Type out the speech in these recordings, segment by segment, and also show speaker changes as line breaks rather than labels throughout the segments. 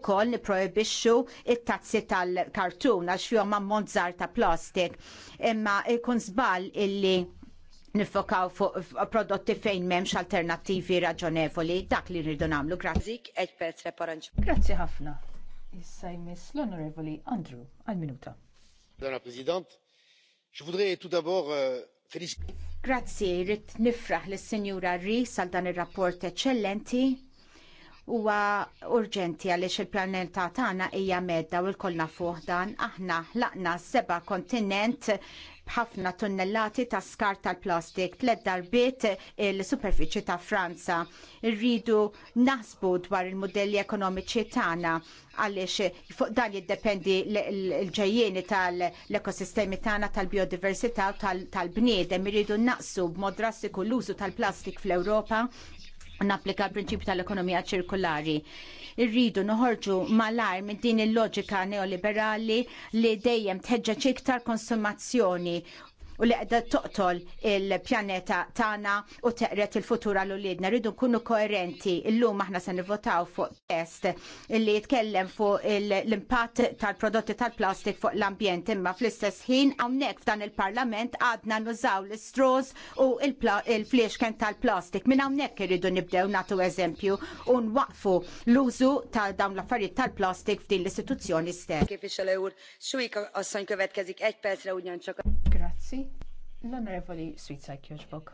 wkoll nipprojbixxu it-tazzi tal-kartun għax fihom ammont żgħar ta' plastik. Imma jkun żball illi nifokaw fuq prodotti fejn m'hemmx alternattivi raġonevoli dak li rridu nagħmlu. Grazzi. Grazzi ħafna.
Issa jmiss l-Onorevoli Andrew għal-minuta.
Madame la Présidente,
je voudrais tout d'abord euh, féliciter. Grazzi, rit nifraħ l-Senjura Ri sal dan ir rapport eċċellenti huwa urġenti għaliex il-planeta tagħna hija medda u l-kolna fuq dan aħna ħlaqna seba kontinent b'ħafna tunnellati ta' skar tal-plastik tliet darbiet il-superfiċi ta' Franza. Irridu naħsbu dwar il-modelli ekonomiċi tagħna għaliex fuq dan jiddependi l-ġejjeni tal-ekosistemi tagħna tal-biodiversità u tal-bniedem irridu naqsu b'mod drastiku l-użu tal-plastik fl-Ewropa Naplika l-prinċipju tal-ekonomija ċirkulari. Irridu noħorġu malar minn din il-loġika neoliberali li dejjem tħeġġeġ iktar konsumazzjoni u li qed toqtol il-pjaneta tagħna u teqret il-futura l uliedna Rridu nkunu koerenti. Illum aħna se nivvotaw fuq test li jitkellem fuq l-impatt tal-prodotti tal-plastik fuq l-ambjent imma fl-istess ħin hawnhekk f'dan il-Parlament għadna nużaw l-istros u il-fliexken tal-plastik. Minn hawnhekk irridu nibdew nagħtu eżempju u nwaqfu l-użu ta' dawn l-affarijiet tal-plastik f'din l-istituzzjoni stess. Grazzi. L-Onorevoli Sweet Kjoġbok.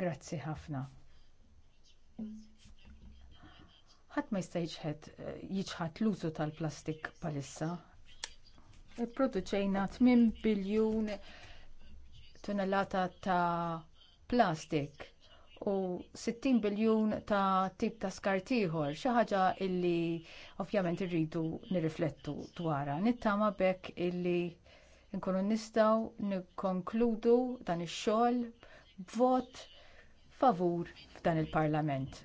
Grazzi ħafna. Ħadd ma jista' jiġħed jiġħad l-użu tal-plastik palissa. Produċejna 8 biljun tonellata ta' plastik u 60 biljun ta' tip ta' skart ieħor, xi ħaġa illi ovvjament irridu nirriflettu dwarha. Nittama bekk illi nkunu nistgħu nikkonkludu dan ix-xogħol b'vot favur f'dan il-Parlament.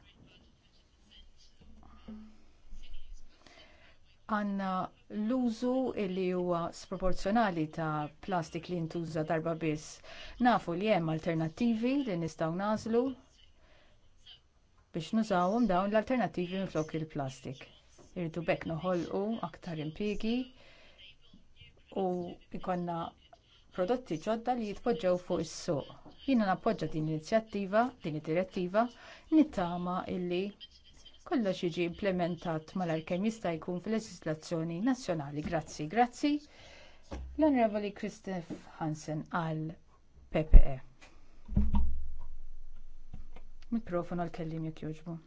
Għanna l-użu li huwa sproporzjonali ta' plastik li ntuża darba biss. Nafu li hemm alternattivi li nistgħu nażlu biex nużawhom dawn l-alternattivi minflok il-plastik. Irridu bekk noħolqu aktar impjiegi u ikonna prodotti ġodda li jitpoġġew fuq is-suq. Jiena nappoġġa din l-inizjattiva, din id-direttiva, nittama illi kollox jiġi implementat mal-arkem jista' jkun fil-leġislazzjoni nazzjonali. Grazzi, grazzi. L-Onorevoli Kristef Hansen għal PPE. Mikrofon għal kellim jek joġbu.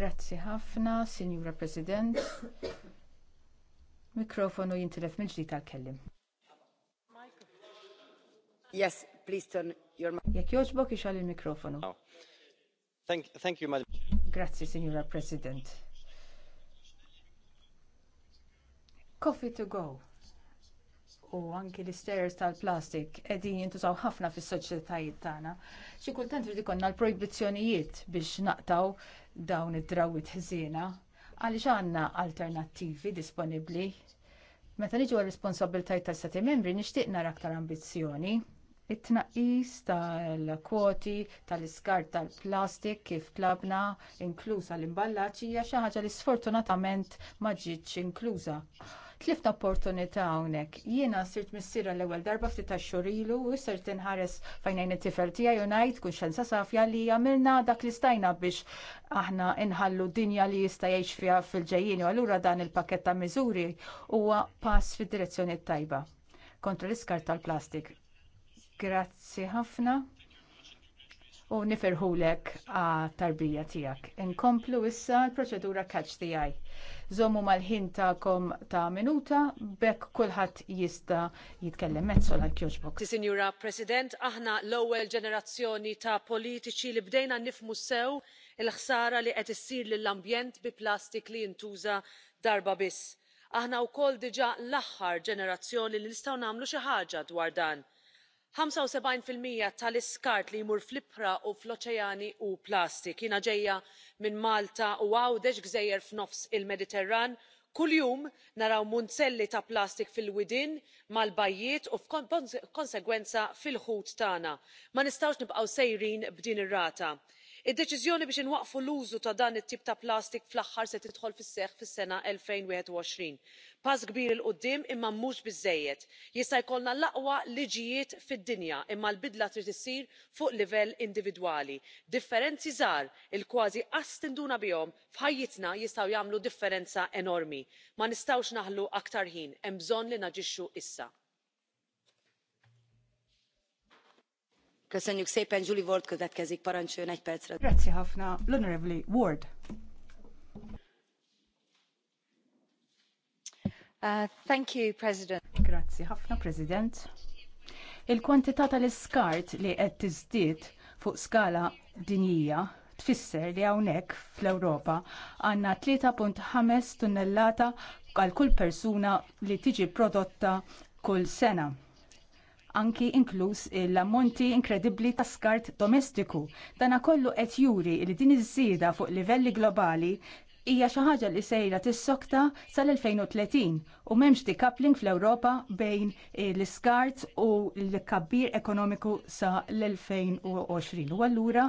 Grazzi ħafna, Signora President. Mikrofonu jintilef mill-ġdid tal-kellim.
Yes, please turn your mic. Jekk
jogħġbok ixal il-mikrofonu. Oh.
Thank, thank you, Madam.
Grazzi, Signora President. Coffee to go u anki l stairs tal-plastik qegħdin jintużaw ħafna fis-soċjetajiet tagħna. Xi kultant ridikonna l-projbizzjonijiet biex naqtaw dawn id-drawit ħżiena għaliex għandna alternattivi disponibbli. Meta niġu għal-responsabiltajt tal-Stati membri nixtieq nara aktar ambizzjoni it-tnaqqis tal-kwoti tal iskar tal-plastik kif tlabna inkluża l imballaċi hija xi ħaġa li sfortunatament ma ġietx inkluża tlift opportunità hawnhekk. Jiena sirt missira l-ewwel darba ftit tax-xhur ilu u sirt inħares fajnejn it-tifel tiegħi u ngħid kuxjenza safja li għamilna dak li stajna biex aħna inħallu dinja li jista' jgħix fiha fil-ġejjin u allura dan il-pakket ta' miżuri huwa pass fid-direzzjoni tajba kontra l-iskart tal-plastik. Grazzi ħafna u niferħulek għat-tarbija tiegħek. Inkomplu issa l-proċedura catch the eye. mal-ħin ta'kom ta' minuta bekk kulħadd jista' jitkellem mezzo għal kjoġbok.
Sinjura President, aħna l-ewwel ġenerazzjoni ta' politiċi li bdejna nifmu sew il-ħsara li qed issir lill-ambjent bi plastik li jintuża darba biss. Aħna wkoll diġà l-aħħar ġenerazzjoni li nistgħu nagħmlu xi ħaġa dwar dan fil-mija tal-iskart li jmur fl-ibħra u fl-oċeani hu plastik. Jiena ġejja minn Malta u għawdex gżejjer f'nofs il-Mediterran kuljum naraw munzelli ta' plastik fil-widien mal-bajjiet u b'konsegwenza fil ħut tagħna. ma nistgħux nibqgħu sejrin b'din ir-rata id-deċiżjoni biex inwaqqfu l-użu ta' dan it-tip ta' plastik fl-aħħar se tidħol fis seħħ fis-sena two thousand pass kbir il quddiem imma mhux biżżejjed jista' jkollna l-aqwa liġijiet fid-dinja imma l-bidla trid issir fuq livell individwali differenzi żgħar li kważi qatt tinduna bihom f'ħajjitna jistgħu jagħmlu differenza enormi ma nistgħux naħlu aktar ħin hemm bżonn li naġixxu issa.
Köszönjük szépen, Julie Ward következik, parancsoljon egy percre. Grazie ħafna,
l-Honorable Ward.
Uh, thank you, President.
Grazie ħafna, President. Il-kwantità tal-iskart li qed tiżdied fuq skala dinjija tfisser li hawnhekk fl-Ewropa għandna 3.5 tunnellata għal kull persuna li tiġi prodotta kull sena anki inkluż l-ammonti inkredibbli ta' skart domestiku. Dana kollu qed juri li din iż-żieda fuq livelli globali hija xi ħaġa li sejra tissokta sal-2030 u m'hemmx decoupling fl-Ewropa bejn eh, l-iskart u l-kabbir ekonomiku sa l-2020. U allura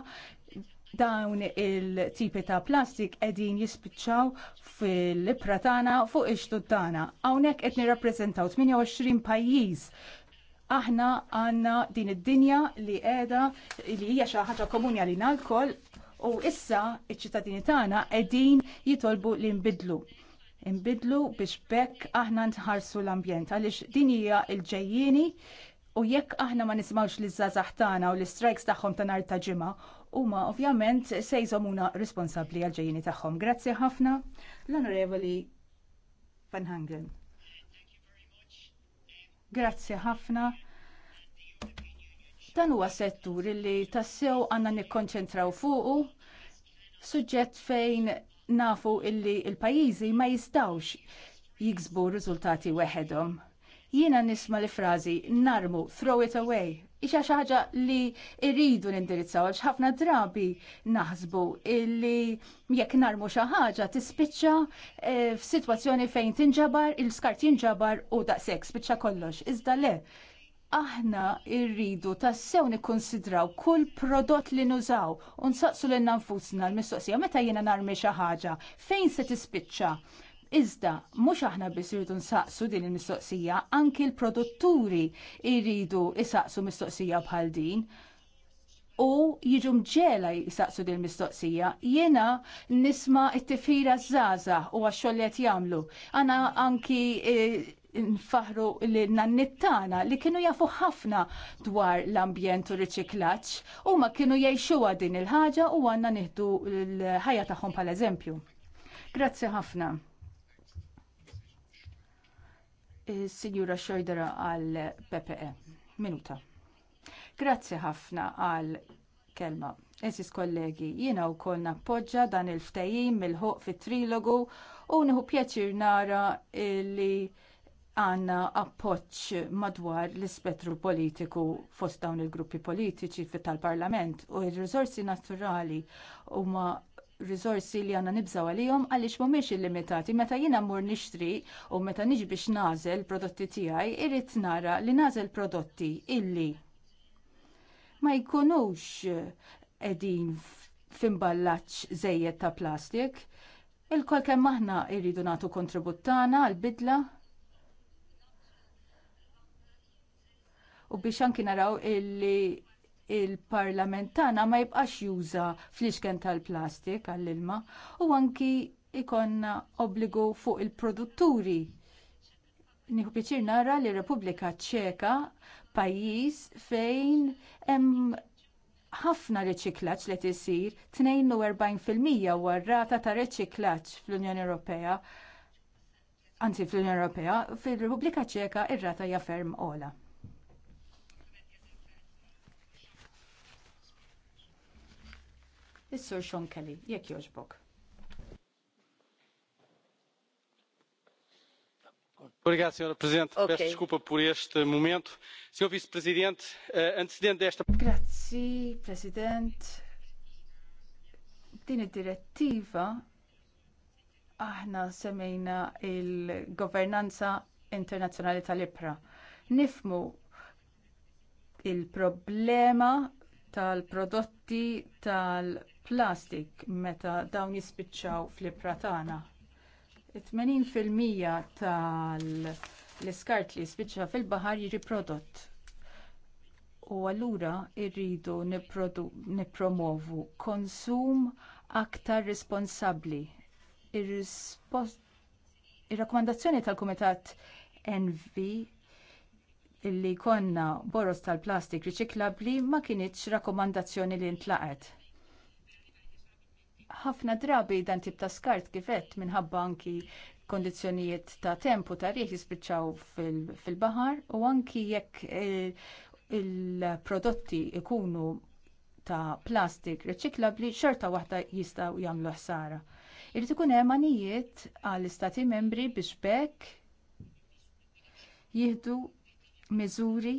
dawn il-tipi ta' plastik qegħdin jispiċċaw fil-libra tagħna fuq ix-tut tagħna. Hawnhekk qed nirrappreżentaw 28 pajjiż aħna għanna din id-dinja li qiegħda li hija xi ħaġa komuni għalina l u issa iċ-ċittadini tagħna qegħdin jitolbu li nbidlu. Nbidlu biex bekk aħna nħarsu l-ambjent għaliex din hija l-ġejjieni u jekk aħna ma nismawx li żgħażagħ tagħna u l-strikes tagħhom ta' nhar ta' ġimgħa huma ovvjament se jżomuna responsabbli għal ġejjieni tagħhom. Grazzi ħafna l-Onorevoli Van Hangen. Grazzi ħafna. Dan huwa settur li tassew għandna nikkonċentraw fuqu, suġġett fejn nafu illi il-pajjiżi ma jistawx jiksbu riżultati weħedhom. Jiena nisma li frażi narmu, throw it away, Ixa xaħġa li irridu nindirizzaw, għax ħafna drabi naħsbu illi jekk narmu xaħġa tispiċċa eh, f'sitwazzjoni fejn tinġabar, il-skart jinġabar u daqsek, spiċċa kollox. Iżda le, aħna irridu tassew nikkonsidraw kull prodott li nużaw u saqsu l nfusna l-mistoqsija meta jiena narmi xi ħaġa fejn se tispiċċa Iżda, mhux aħna biss irridu nsaqsu din il-mistoqsija, anki l-produtturi jridu isaqsu mistoqsija bħal din. U jiġu mġela jisaqsu din mistoqsija, jena nisma it-tifira zaza u qed jamlu. Għana anki e, nfaħru li nannittana li kienu jafu ħafna dwar l-ambjent u riċiklaċ u ma kienu jgħixuwa din il-ħaġa u għanna nieħdu l-ħajja tagħhom pal eżempju. Grazzi ħafna. Signora Xojdera għal PPE. Minuta. Grazzi ħafna għal kelma. Eżis kollegi, jiena u koll nappoġġa dan il-ftajim mill-ħuq fit trilogu u nħu pjaċir nara li għanna appoċ madwar l-ispettru politiku fost dawn il-gruppi politiċi fit tal-parlament u il-rizorsi naturali u ma risorsi li għanna nibżaw għalihom għaliex mhumiex illimitati. Meta jiena mmur nixtri u meta niġi biex nażel prodotti tiegħi, irrid nara li nażel prodotti illi ma jkunux qegħdin f'imballaġġ żejjed ta' plastik. Il-kol kemm aħna irridu nagħtu kontribut tagħna għall-bidla u biex anki naraw illi il parlamentana ma jibqax juża fl-isken tal-plastik għall-ilma u anki ikonna obbligu fuq il-produtturi. Nieħu piċir nara li Repubblika Ċeka pajjiż fejn hemm ħafna riċiklaġġ li tisir 42% huwa r-rata ta' riċiklaġġ fl-Unjoni Ewropea. Anzi fl-Unjoni Ewropea, fil-Repubblika Ċeka ir-rata hija ferm ola. Is-Sur Sean Kelly, jekk jogħġbok.
Obrigado, Sra. Presidente. Okay. Peço desculpa
por este momento. Sr. Vice-Presidente, eh, antecedente desta. Grazie,
Presidente. Dina diretiva, direttiva aħna semmejna il-governanza internazzjonali tal-IPRA. Nifmu il-problema tal-prodotti tal-prodotti plastik meta dawn jispiċċaw fl-ibra tagħna. 80% tal-iskart li jispiċċa fil-baħar jiġi prodott. U allura rridu nippromovu konsum aktar responsabbli. Ir-rakkomandazzjoni tal-Kumitat NV illi konna boros tal-plastik riċiklabbli ma kinitx rakkomandazzjoni li ntlaqet ħafna drabi dan tip ta' skart kifett minħabba anki kondizjonijiet ta' tempu ta' riħ jispiċċaw fil-bahar u anki jekk il-prodotti ikunu ta' plastik reċiklabli xorta waħda jistgħu jagħmlu ħsara. Irid ikun hemm għal għall-istati membri biex bekk jieħdu miżuri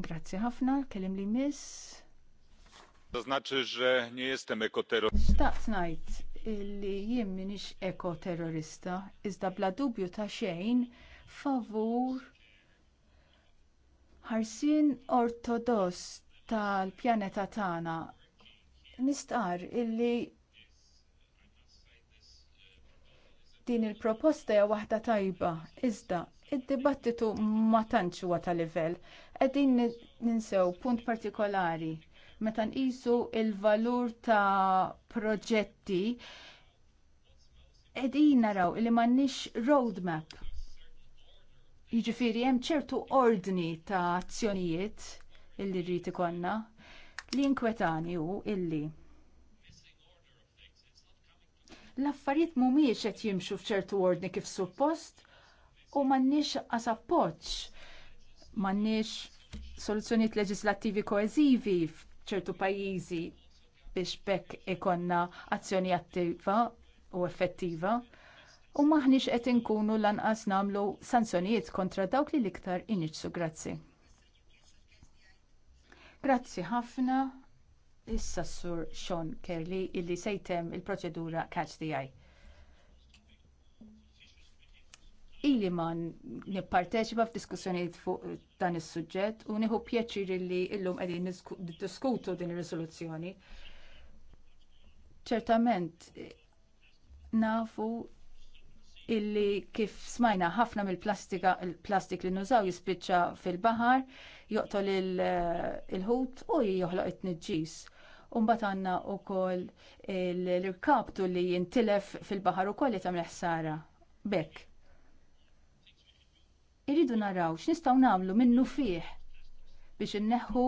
Grazzi ħafna, kellim li miss.
To znaczy, że nie jestem ekoterrorista.
Staqt najt li jien minix ekoterrorista, iżda bla dubju ta' xejn favur ħarsien ortodoss tal-pjaneta tagħna. Nistqar illi din il-proposta hija waħda tajba, iżda id-dibattitu ma tantx huwa ta' livell. Qegħdin ninsew punt partikolari meta nqisu il-valur ta' proġetti qegħdin naraw li m'għandniex roadmap. Jiġifieri hemm ċertu ordni ta' azzjonijiet illi rrid ikollna li inkwetani hu illi l-affarijiet mhumiex qed jimxu f'ċertu ordni kif suppost u m'għandniex qasappoġġ m'għandniex soluzzjonijiet leġislattivi koeżivi f'ċertu pajjiżi biex bekk ikonna azzjoni attiva u effettiva. U maħniex qed inkunu lanqas nagħmlu sanzjonijiet kontra dawk li l-iktar iniċsu grazzi. Grazzi ħafna issa sur Sean Kelly illi sejtem il-proċedura Catch the Eye. ili ma nipparteċipa f'diskussjonijiet fuq eh, dan is-suġġett u nieħu pjaċir li llum qegħdin diskutu din ir-riżoluzzjoni. Ċertament eh, nafu illi kif smajna ħafna mill-plastika plastik li nużaw jispiċċa fil-baħar, joqtol eh, il-ħut u joħloq it-tniġġis. Umbat għanna u koll l-irkabtu li jintilef fil-baħar u koll tamleħ ħsara Bekk. Irridu naraw x'nistgħu nagħmlu minnu fih biex inneħħu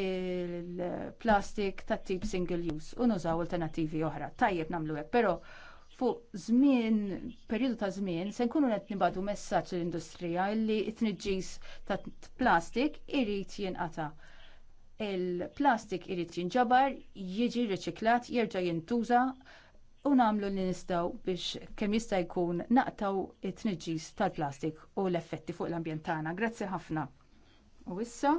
il-plastik tat tip single use u nużaw alternattivi oħra. Tajjeb nagħmlu hekk, però fuq żmien, perjodu ta' żmien, se nkunu qed nibadu messaġġ l-industrija li t tniġġis ta' plastik irid jinqata' il-plastik irid jinġabar, jiġi riċiklat, jerġa' jintuża u namlu li nistaw biex kemm jista' jkun naqtaw it-tniġġis tal-plastik u l-effetti fuq l-ambjent tagħna. Grazzi ħafna. U issa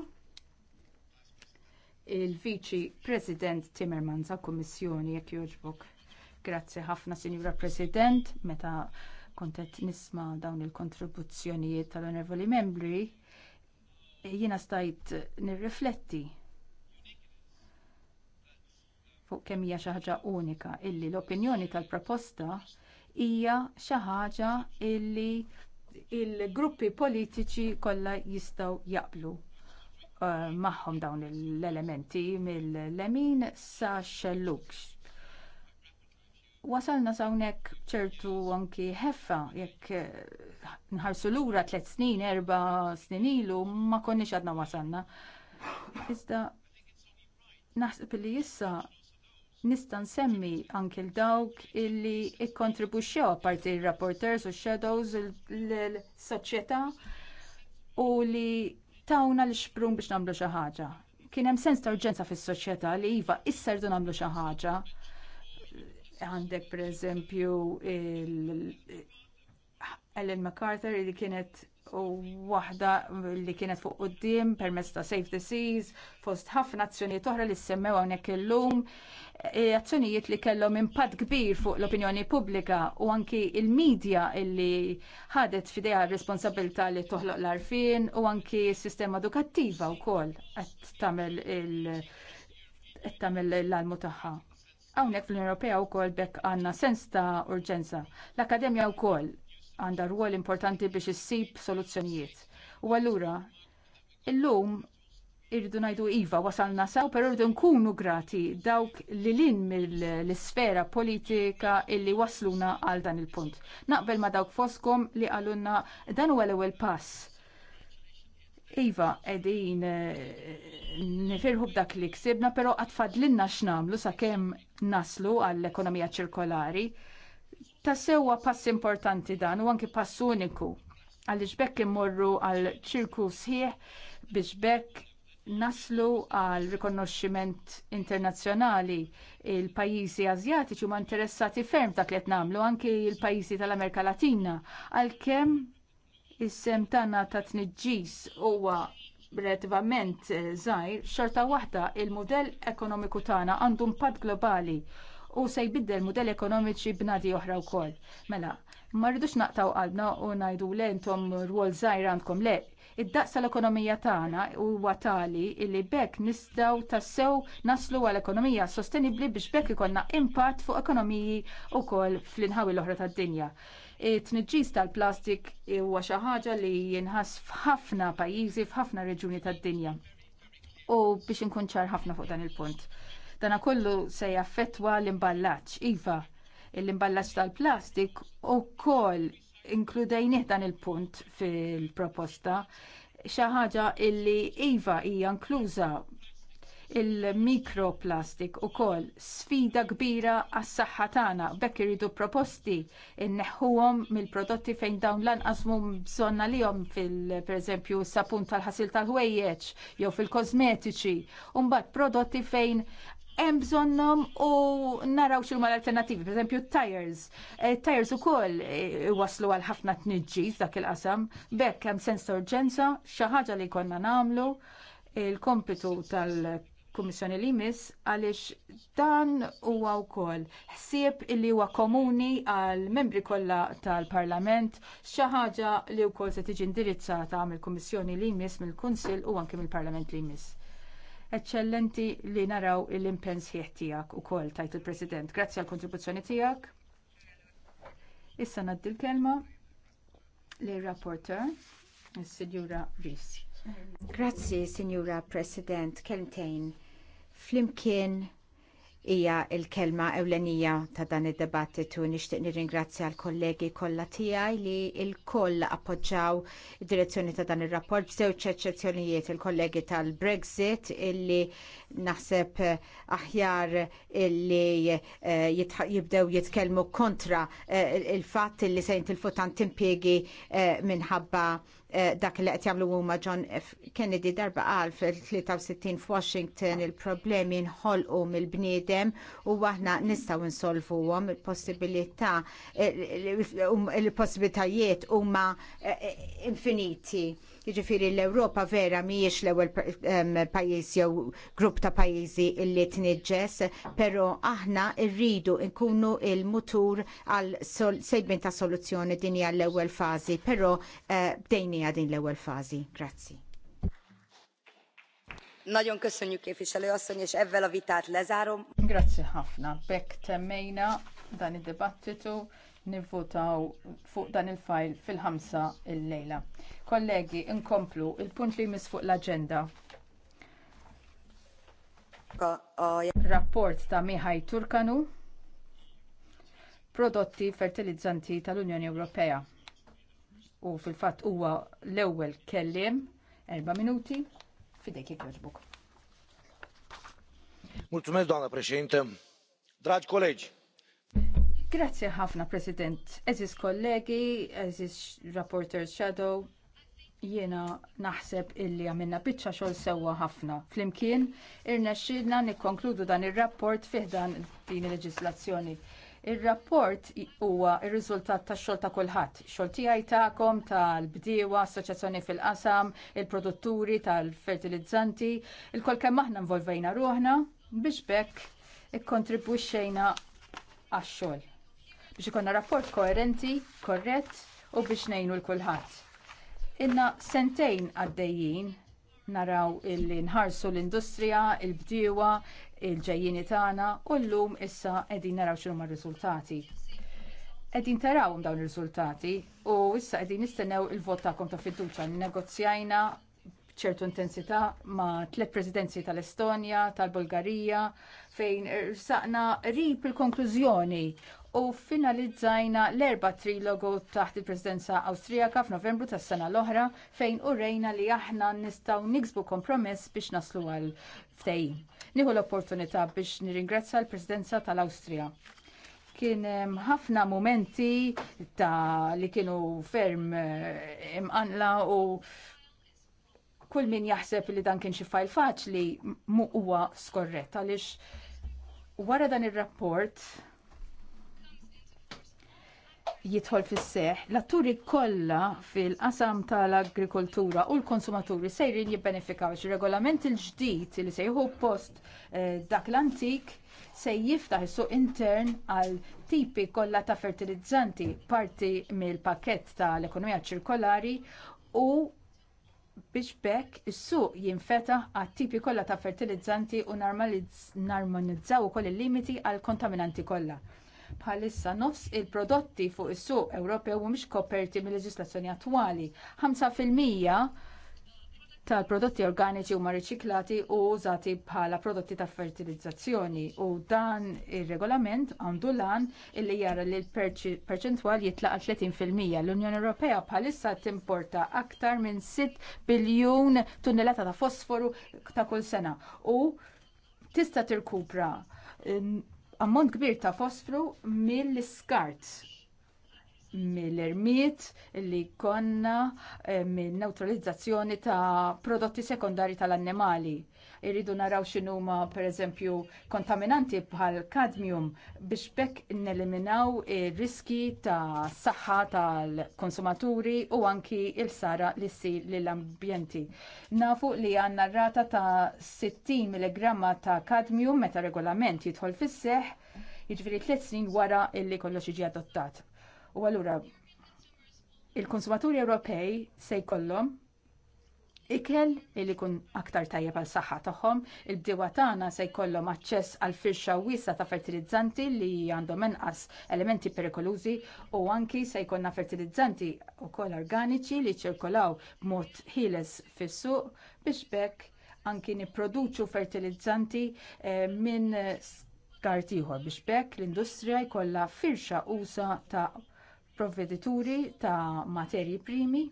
il-Viċi President Timmermans għal-Kummissjoni jekk jogħġbok. Grazzi ħafna, Sinjura President, meta kontet nisma dawn il-kontribuzzjonijiet tal-onorevoli membri, jiena stajt nirrifletti fuq kemm hija xi ħaġa unika illi l-opinjoni tal-proposta hija xi ħaġa illi il-gruppi politiċi kollha jistgħu jaqblu uh, magħhom dawn l-elementi mill-lemin sa xellux. Wasalna sawnek ċertu anki ħeffa jekk eh, nħarsu lura tliet snin, erba snin ilu ma konniex għadna wasalna. Iżda naħseb li issa nista' nsemmi anke l-dawk illi ikkontribwixxew apparti r-rapporters u shadows l-soċjetà u li tawna l-xprun biex nagħmlu xi ħaġa. Kien hemm sens ta' urġenza fis-soċjetà li iva issa rdu nagħmlu xi ħaġa. Għandek pereżempju Ellen MacArthur li kienet u waħda li kienet fuq quddiem permezz ta' Save the Seas, fost ħafna azzjonijiet oħra li semmew hawnhekk illum, e, azzjonijiet li kellhom impatt kbir fuq l-opinjoni pubblika u anki il-medja illi ħadet fidejha r-responsabilità li toħloq l-arfin u anki s-sistema edukattiva wkoll qed tagħmel qed tagħmel l-almu tagħha. Hawnhekk fl-Ewropea wkoll bekk għandna sens ta' urġenza. L-Akademja wkoll għandha rwol importanti biex issib soluzzjonijiet. U allura illum irridu ngħidu iva wasalna sew, però iridu nkunu grati dawk li lin mill-sfera politika illi wasluna għal dan il-punt. Naqbel ma dawk foskom li għalunna dan huwa l-ewwel pass. Iva, edin eh, nifirħu b'dak li ksibna, pero għatfadlinna x'namlu sakemm naslu għall-ekonomija ċirkolari ta' sewwa pass importanti dan u anki pass uniku għaliex bekk immorru għal ċirku sħiħ biex bekk naslu għal rikonnoxximent internazzjonali il-pajjiżi Azjatiċi huma interessati ferm dak li qed nagħmlu anki l-pajjiżi tal-Amerika Latina għalkemm is-sem tagħna ta' tniġġis huwa relativament eh, żgħir xorta waħda il-mudell ekonomiku tagħna għandu impatt globali u se jbiddel mudell ekonomiċi b'nadi oħra wkoll. Mela, ma rridux naqtaw qalbna u ngħidu l entom rwol żgħir għandkom le. Id-daqs tal-ekonomija tagħna huwa tali li bekk nistgħu tassew naslu għal ekonomija sostenibbli biex bekk ikollna impatt fuq ekonomiji wkoll fl-inħawi l-oħra tad-dinja. It-tniġġis tal-plastik huwa xi ħaġa li jinħass f'ħafna pajjiżi f'ħafna reġuni tad-dinja. U biex inkun ċar ħafna fuq dan il-punt Dana kollu se jaffetwa l-imballaċ. Iva, l-imballaċ tal-plastik u koll inkludejnih dan il-punt fil-proposta xaħġa ħaġa illi iva hija inkluża il-mikroplastik ukoll sfida kbira għas saħħa tagħna Bekk iridu proposti inneħħuhom mill-prodotti fejn dawn lan mhum bżonna lihom fil pereżempju sapun tal-ħasil tal-ħwejjeġ jew fil-kosmetiċi u mbagħad prodotti fejn hemm bżonnhom u naraw xi huma l-alternattivi, pereżempju tires. Eh, tires ukoll eh, waslu għal ħafna tniġġis dak il-qasam, bekk hemm sens ta' urġenza, xi ħaġa li konna nagħmlu il-kompitu tal kummissjoni li jmiss għaliex dan huwa wkoll ħsieb li huwa komuni għal membri kollha tal-Parlament xi ħaġa li wkoll se tiġi indirizzata mill-Kummissjoni li jmiss mill-Kunsill u anke mill-Parlament li jmiss eċċellenti li naraw l-impens tijak u ukoll tajt il-President. Grazzi għall kontribuzzjoni tiegħek. Issa naddil l-kelma li rapporteur il sinjura
Rissi. Grazzi, Sinjura President, kelmtejn. Flimkien hija l-kelma ewlenija ta' dan id-debattitu nixtieq nirringrazzja l-kollegi kollha tiegħi li l-koll appoġġjaw id-direzzjoni ta' dan ir-rapport b'żewġ eċċezzjonijiet il-kollegi tal-Brexit illi naħseb aħjar illi eh, jibdew jitkellmu kontra eh, il-fatt illi se jintilfu tant impjiegi eh, minħabba Eh, dak li qed jagħmlu huma John F. Kennedy darba qal fil-63 f'Washington il-problemi nħolqu mill-bniedem u aħna nistgħu nsolvuhom il-possibilità il-possibilitajiet huma eh, eh, infiniti Jiġifieri l-Ewropa vera mhijiex l-ewwel pajjiż jew grupp ta' pajjiżi illi tniġġes, però aħna rridu nkunu il-mutur għal segment ta' soluzzjoni din hija l-ewwel fażi, però eh, bdejnija din l-ewwel fażi. Grazzi. Nagyon köszönjük képviselő asszony, és ezzel a vitát lezárom. Grazie ħafna.
Bekk temmejna dan
id-dibattitu
nivvotaw fuq dan il-fajl fil-ħamsa il-lejla. Kollegi, inkomplu il-punt li jmiss fuq l-agenda. Rapport ta' Mihaj Turkanu, prodotti fertilizzanti tal-Unjoni Ewropea. U fil-fatt huwa l-ewwel kelliem, erba' minuti, fidejk jogħġbok.
Mulțumesc, doħna președintă. Draġ colegi,
Grazzi ħafna, President. Eżis kollegi, eżis rapporter shadow, jiena naħseb illi għamilna bitċa xogħol sewwa ħafna. Flimkien, irnexxielna nikkonkludu dan ir-rapport fih dan din il-leġislazzjoni. Ir-rapport huwa r-riżultat tax-xogħol ta' kulħadd, xogħol tiegħi tagħkom tal-bdiewa, assoċjazzjoni fil-qasam, il-produtturi tal-fertilizzanti, il-kol kemm aħna involvejna ruħna biex bekk ikkontribwixxejna għax-xogħol biex ikonna rapport koerenti, korrett u biex nejnu l-kulħadd. Inna sentejn għaddejjin naraw illi nħarsu l-industrija, il-bdiewa, il-ġejjini tagħna u llum issa qegħdin naraw x'huma r-riżultati. Qegħdin tarawhom dawn ir-riżultati u issa qegħdin nistennew il-vot tagħkom ta' fiduċja negozjajna ċertu intensità ma' tliet presidenzi tal-Estonja, tal-Bulgarija, fejn saqna rip il-konklużjoni u finalizzajna l-erba trilogu taħt il-Presidenza Awstrijaka f'Novembru tas sena l-oħra fejn u rejna li aħna nistaw niksbu kompromess biex naslu għal ftej. Nieħu l-opportunità biex nirringrazzja l-Presidenza tal-Awstrija. Kien ħafna momenti ta' li kienu ferm eh, imqanla u kull min jaħseb li dan kien xi fajl faċli huwa skorrett għaliex wara dan ir-rapport jidħol fis-seħ, l-atturi kollha fil-qasam tal-agrikoltura u l-konsumaturi sejrin jibbenefikaw regolament il-ġdid li se jieħu post eh, dak l-antik se jiftaħ is intern għal tipi kollha ta' fertilizzanti parti mill-pakett tal-ekonomija ċirkolari u biex bekk is-suq jinfetaħ għat tipi kollha ta' fertilizzanti u narmonizzaw ukoll il-limiti għall kontaminanti kollha bħalissa nofs il-prodotti fuq is-suq Ewropew mhumiex koperti mill-leġislazzjoni attwali. 5% tal-prodotti organiċi huma riċiklati u użati bħala prodotti ta' fertilizzazzjoni u dan ir-regolament għandu lan illi jara li l-perċentwal jitlaq 30%. L-Unjoni Ewropea bħalissa timporta aktar minn 6 biljun tunnellata ta' fosforu ta' kull sena u tista' tirkupra ammont kbir ta' fosfru mill-iskart mill-ermiet li konna eh, mill-neutralizzazzjoni ta' prodotti sekondari tal-annimali irridu naraw x'inhuma pereżempju kontaminanti bħal kadmium biex bekk neliminaw ir-riski ta' saħħa tal-konsumaturi u anki il-sara li ssir lill-ambjenti. Nafu li għanna rata ta' 60 mg ta' kadmium meta regolament jidħol fis-seħħ jiġifieri tliet snin wara illi kollox jiġi adottat. U allura il-konsumaturi Ewropej se jkollhom ikel li jkun aktar tajjeb għal saħħa tagħhom, il-bdiewa tagħna se jkollhom aċċess għal firxa wiesa ta' fertilizzanti li għandhom inqas elementi perikolużi u anki se jkollna fertilizzanti wkoll organiċi li ċirkolaw b'mod ħieles fis-suq biex bekk anki nipproduċu fertilizzanti eh, minn skartiħor biex bekk l-industrija jkollha firxa usa ta' provvedituri ta' materji primi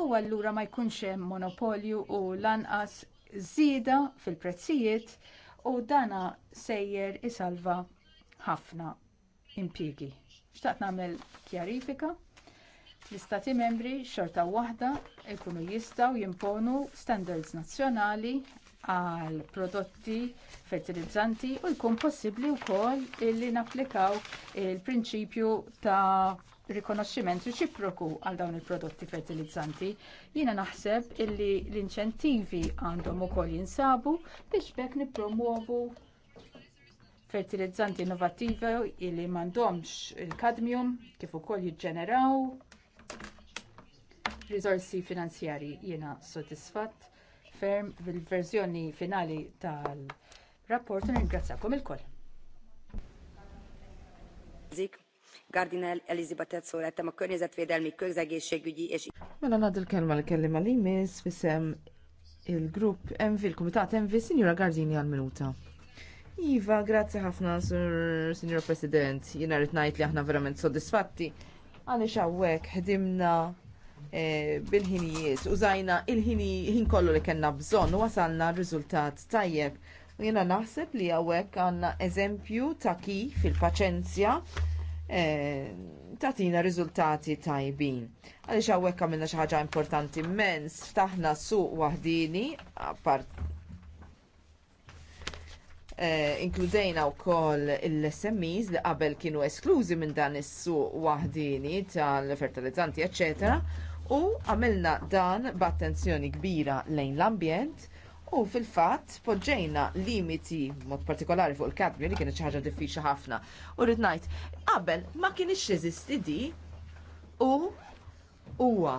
u allura ma jkunx hemm monopolju u lanqas żieda fil-prezzijiet u dana sejjer isalva ħafna impjiegi. Xtaqt nagħmel kjarifika l-istati membri xorta waħda jkunu jistgħu jimponu standards nazzjonali għal prodotti fertilizzanti u jkun possibbli wkoll illi napplikaw il-prinċipju ta' rikonoxximent reċiproku għal dawn il-prodotti fertilizzanti, jiena naħseb illi l-inċentivi għandhom ukoll jinsabu biex bekk nippromuovu fertilizzanti innovattivi illi m'għandhomx il-kadmium kif ukoll jiġġeneraw Risorsi finanzjarji jiena sodisfatt ferm bil-verżjoni finali tal-rapport u ningrazzakom
ilkoll. Gardinel Elizabeth szólettem a környezetvédelmi, közegészségügyi és...
Mela nad il-kelma l-kellima li mis fisem il-grupp MV, il-Komitat MV, Signora Gardini għal-minuta. Iva, grazie ħafna, Sur Signora President. jina rritnajt li aħna verament soddisfatti. Għani xawwek, ħdimna eh, bil-ħinijiet, użajna il-ħini ħin kollu li kena bżon u għasalna rizultat tajjeb. Jena naħseb li għawek għanna eżempju ta' kif il-paċenzja Eh, tatina riżultati tajbin. Għaliex hawnhekk għamilna xi ħaġa importanti immens, ftaħna suq waħdini, apart eh, inkludejna wkoll il-SMEs li qabel kienu esklużi minn dan is-suq waħdini tal-fertilizzanti, eccetera. U għamilna dan b'attenzjoni kbira lejn l-ambjent U fil-fatt poġġejna limiti mod partikolari fuq il-kadmi li kienet xi ħaġa ħafna. U rrid ngħid, qabel ma kienx jeżisti di u huwa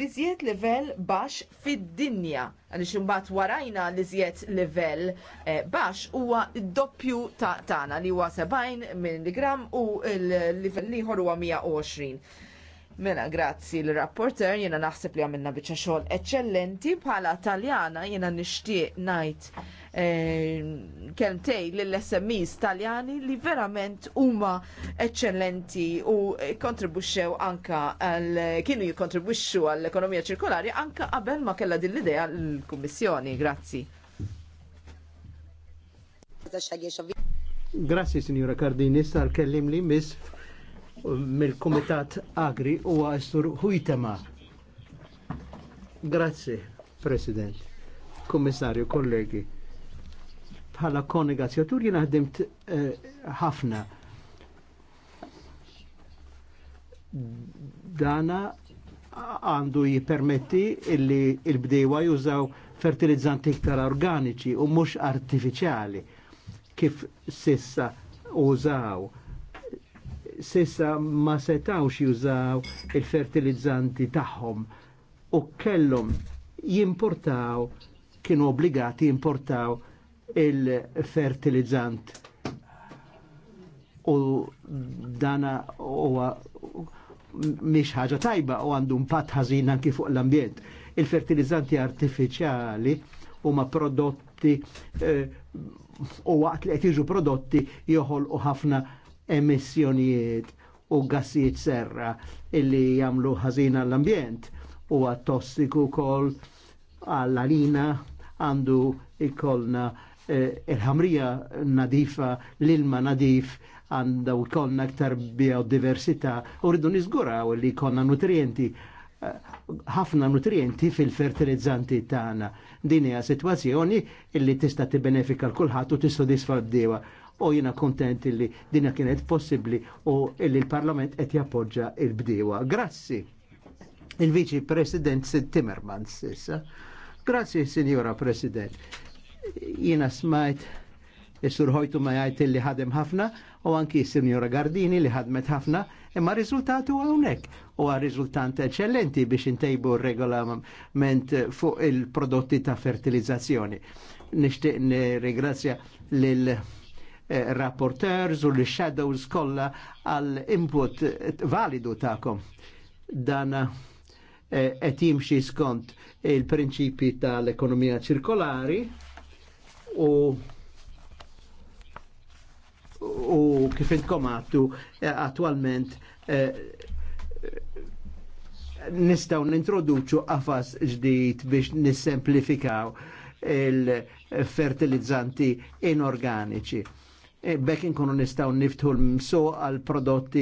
li zjed level baxx fid-dinja għaliex imbagħad warajna li zjed level bax eh, baxx huwa doppju ta' tagħna li huwa 70 mg u l-livell ieħor huwa 120. Mela, grazzi l-rapporter, jena naħseb li għamilna bieċa xogħol eccellenti bħala taljana jena nixtieq najt eh, kelmtej lill-SMEs taljani li verament huma eccellenti u kontribuxxew anka għal kienu jikontribuxxu għall-ekonomija ċirkolari anka qabel ma kellha din l-idea l-Kummissjoni. Grazzi.
Grazzi, Signora Cardini, sar kellim li miss mill-Kumitat Agri u għastur Huitema. Grazie, President, Kommissarju, kollegi. Bħala konnegazzjatur jina ħdimt eh, ħafna. Dana għandu jipermetti illi il-bdejwa jużaw fertilizzanti iktar organiċi u mhux artifiċjali kif sissa użaw sissa ma setawx jużaw il-fertilizzanti tagħhom u kellhom jimportaw kienu obbligati jimportaw il-fertilizzant u dana huwa miex ħaġa tajba u għandu impatt ħażin anki fuq l-ambjent. Il-fertilizzanti artificiali huma prodotti eh, u waqt li qed prodotti prodotti joħolqu ħafna emissjonijiet u gassijiet serra illi jamlu ħażina l-ambjent u tossiku kol għall-alina għandu ikolna eh, il-ħamrija nadifa, l-ilma nadif għanda u konna aktar biodiversità u rridu nizguraw li konna nutrienti eh, ħafna nutrienti fil-fertilizzanti tagħna. Din hija situazzjoni illi tista' tibenefika l kulħat u tissodisfa d u jina kontent li dina kienet possibli u li l-Parlament qed jappoġġa il-bdiewa. Grazzi. Il-Viċi President Sid Timmermans sissa. Grazzi, Signora President. Jina smajt Is-sur ħojtu ma jgħid li ħadem ħafna u anki s-Sinjora Gardini li ħadmet ħafna, imma riżultatu hawnhekk u riżultant eċċellenti biex intejbu regolament fuq il-prodotti ta' fertilizzazzjoni. Nixtieq nirringrazzja lil Eh, rapporteurs u l-shadows kolla għal input validu ta'kom. Dan eh, qed jimxi skont il-prinċipi tal-ekonomija ċirkolari u u kif intkom għattu eh, attualment nistaw nintroduċu għafas ġdid biex nissemplifikaw il-fertilizzanti inorganiċi E bekk inkunu nistaw niftu l-msu għal prodotti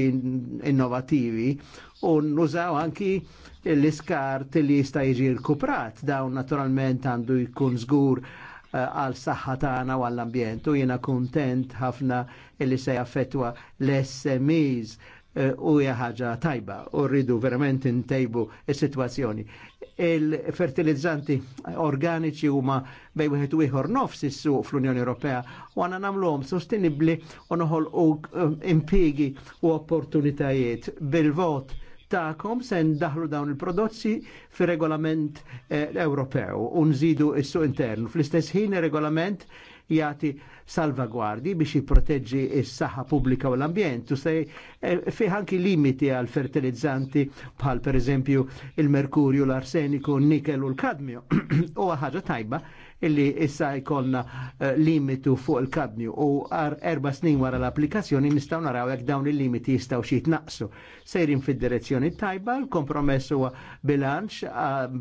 innovativi u nużaw anki l-iskart li jista' jiġi rkuprat dawn naturalment għandu jkun żgur eh, għal saħħa tagħna u għall-ambjent u jiena kuntent ħafna li se jaffettwa l-SMEs u hija tajba u rridu verament intejbu is-sitwazzjoni. Il-fertilizzanti organiċi huma bej wieħed u ieħor nofs is-suq fl-Unjoni Ewropea u għandna nagħmluhom sostenibbli u noħolqu eh, impigi u opportunitajiet bil-vot ta'kom se ndaħlu dawn il-prodotti fi regolament eh, Ewropew u nżidu is-suq internu. Fl-istess ħin regolament jagħti salvaguardi biex jipproteġġi is saħħa pubblika u l-ambjent. U se e, fih anki limiti għal fertilizzanti bħal pereżempju il-merkurju, l-arseniku, n-nikel u l-kadmju. U ħaġa tajba illi issa jkollna e, limitu fuq il-kadmju u għar erba snin wara l-applikazzjoni nistaw naraw jekk dawn il-limiti jistaw xi jitnaqsu. Sejrin fid-direzzjoni tajba, l-kompromess huwa bilanċ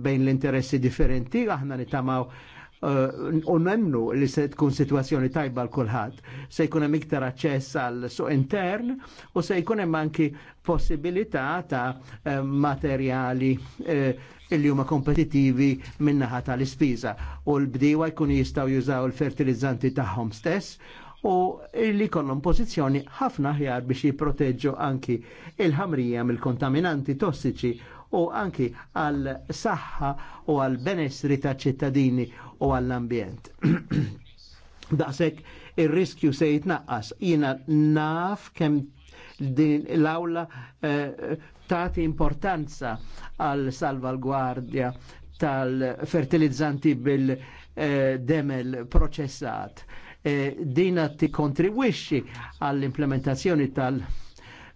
bejn l-interessi differenti, aħna nitamaw Eh, u li se tkun situazzjoni tajba l kulħadd se jkun hemm iktar aċċess għal suq intern u se jkun hemm anki possibilità ta' eh, materjali eh, li huma kompetitivi minnaħa tal-ispiża u l-bdiewa jkun jistgħu jużaw il-fertilizzanti tagħhom stess u li kollhom pożizzjoni ħafna ħjar biex jipproteġġu anki il-ħamrija mill-kontaminanti tossiċi u anki għal saħħa u għal benessri ta' ċittadini u għall ambjent Daqshekk ir-riskju se jitnaqqas. Jiena naf kemm din l-awla eh, tagħti importanza għal salvalgwardja tal-fertilizzanti bil-demel eh, proċessat. Eh, dina ti kontribwixxi għall-implementazzjoni tal-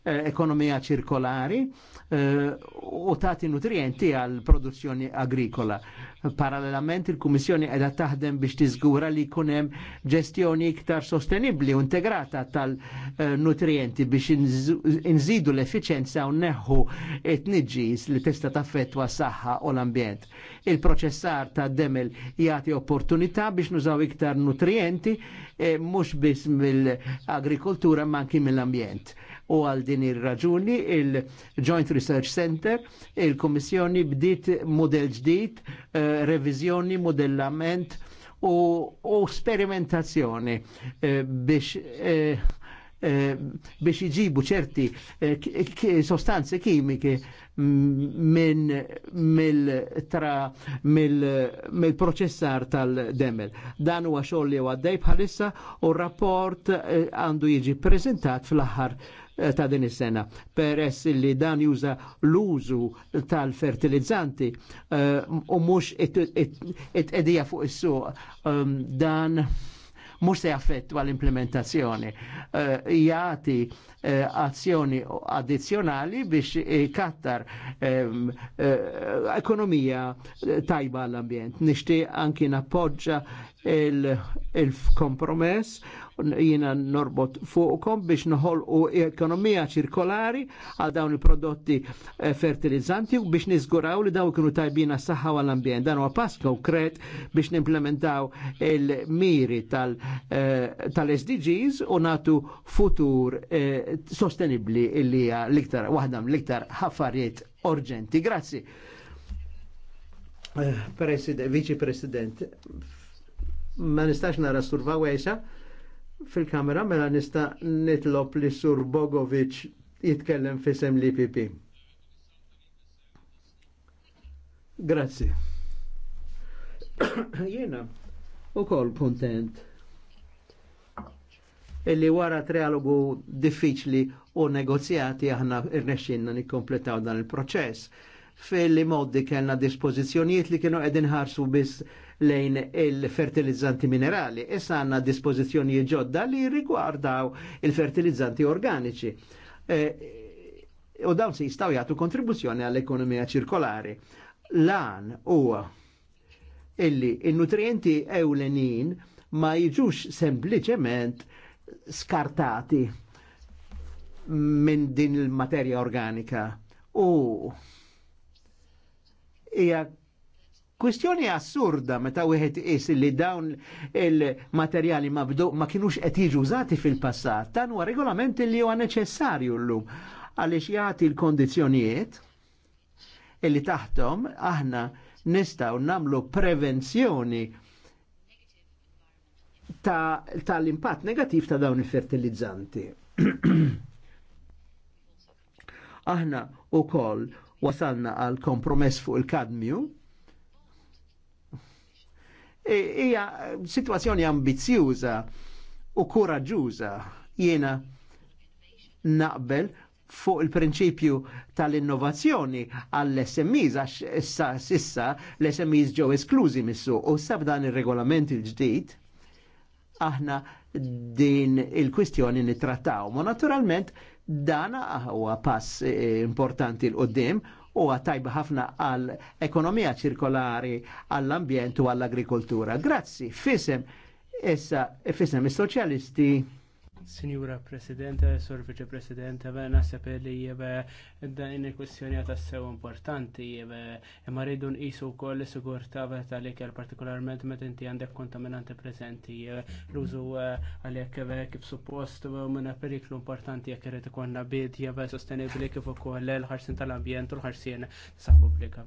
Eh, ekonomija ċirkolari eh, u tagħti nutrienti għal produzzjoni agrikola. Parallelament il-Kummissjoni qiegħda taħdem biex tiżgura li jkun hemm ġestjoni iktar sostenibbli u integrata tal-nutrienti biex inżidu l efficienza u neħħu t li tista' taffetwa saħħa u l-ambjent. Il-proċessar ta' demel jagħti opportunità biex nużaw iktar nutrienti eh, mhux biss mill-agrikoltura ma anki mill-ambjent. U għal din ir-raġuni il-Joint Research Center, il-Kommissjoni bdiet model ġdid, eh, revizjoni, modellament u, u sperimentazzjoni eh, biex eh, eh biex iġibu ċerti eh, sostanzi kimiki mm, minn mill-proċessar mil tal-demel. Dan huwa xogħol li għaddej bħalissa u rapport eh, għandu jiġi prezentat fl-aħħar Eh, ta' din is-sena peress li dan juża l-użu tal-fertilizzanti eh, u mhux it-qedija fuq is-suq ehm, dan mhux se jaffettwa l-implementazzjoni. Eh, jagħti azzjoni addizzjonali biex ikattar ehm, ekonomija tajba l-ambjent. Nixtieq anki nappoġġa il-kompromess jina norbot fuqkom biex u ekonomija ċirkolari għal dawn il-prodotti eh, fertilizzanti u biex nizguraw li daw kienu tajbina s-saħħa għall ambjent Dan huwa pass kret biex nimplementaw il-miri eh, tal-SDGs u natu futur eh, sostenibli illi l-iktar, waħda liktar iktar ħaffariet urġenti. Grazzi. Vice President, ma nistax nara surva għajsa, fil-kamera mela nista nitlob li sur Bogovic jitkellem fisem li ipp Grazzi. Jena, u kol kontent illi wara trialogu diffiċli u negozjati aħna rnexxinna nikkompletaw dan il-proċess fil-li moddi kellna dispożizzjonijiet li kienu qegħdin ħarsu biss lejn il-fertilizzanti minerali. Issa għanna dispozizjoni ġodda li rigwardaw il-fertilizzanti organiċi. E, U dawn se jistaw jgħatu kontribuzzjoni għall-ekonomija ċirkolari. Lan u illi il-nutrienti ewlenin ma jiġux sempliċement skartati minn din il-materja organika. U hija Kwistjoni assurda meta wieħed is li dawn il-materjali ma, ma kienux qed jiġu użati fil-passat, dan huwa regolament li huwa neċessarju llum għaliex jagħti l-kondizzjonijiet illi taħtom aħna nistgħu nagħmlu prevenzjoni tal-impatt ta negattiv ta' dawn il-fertilizzanti. aħna u koll wasalna għal kompromess fuq il-kadmju hija situazzjoni ambizjuża u koraġuża jiena naqbel fuq il-prinċipju tal-innovazzjoni għall-SMEs, għax issa sissa l-SMEs ġew esklużi missu u sab dan il-regolament il-ġdid, aħna din il-kwistjoni nittrattaw. Ma naturalment dana huwa pass eh, importanti l-qoddim huwa tajba ħafna għal ekonomija ċirkolari, għall-ambjent u għall-agrikoltura. Grazzi, fisem, issa, fisem is-soċjalisti
Signora Presidente, Sor Vice Presidente, beh, nasib li jibbe dan il-kwestjoni għata sew importanti jibbe imma rridu nqisu wkoll is-sigurtà tal-ikel partikolarment meta inti għandek kontaminanti preżenti eh, l-użu eh, għalhekk eh, kif suppost minn periklu importanti jekk irid ikollna bid jibbe sostenibbli kif ukoll l-ħarsin tal-ambjent u l-ħarsien sa pubblika.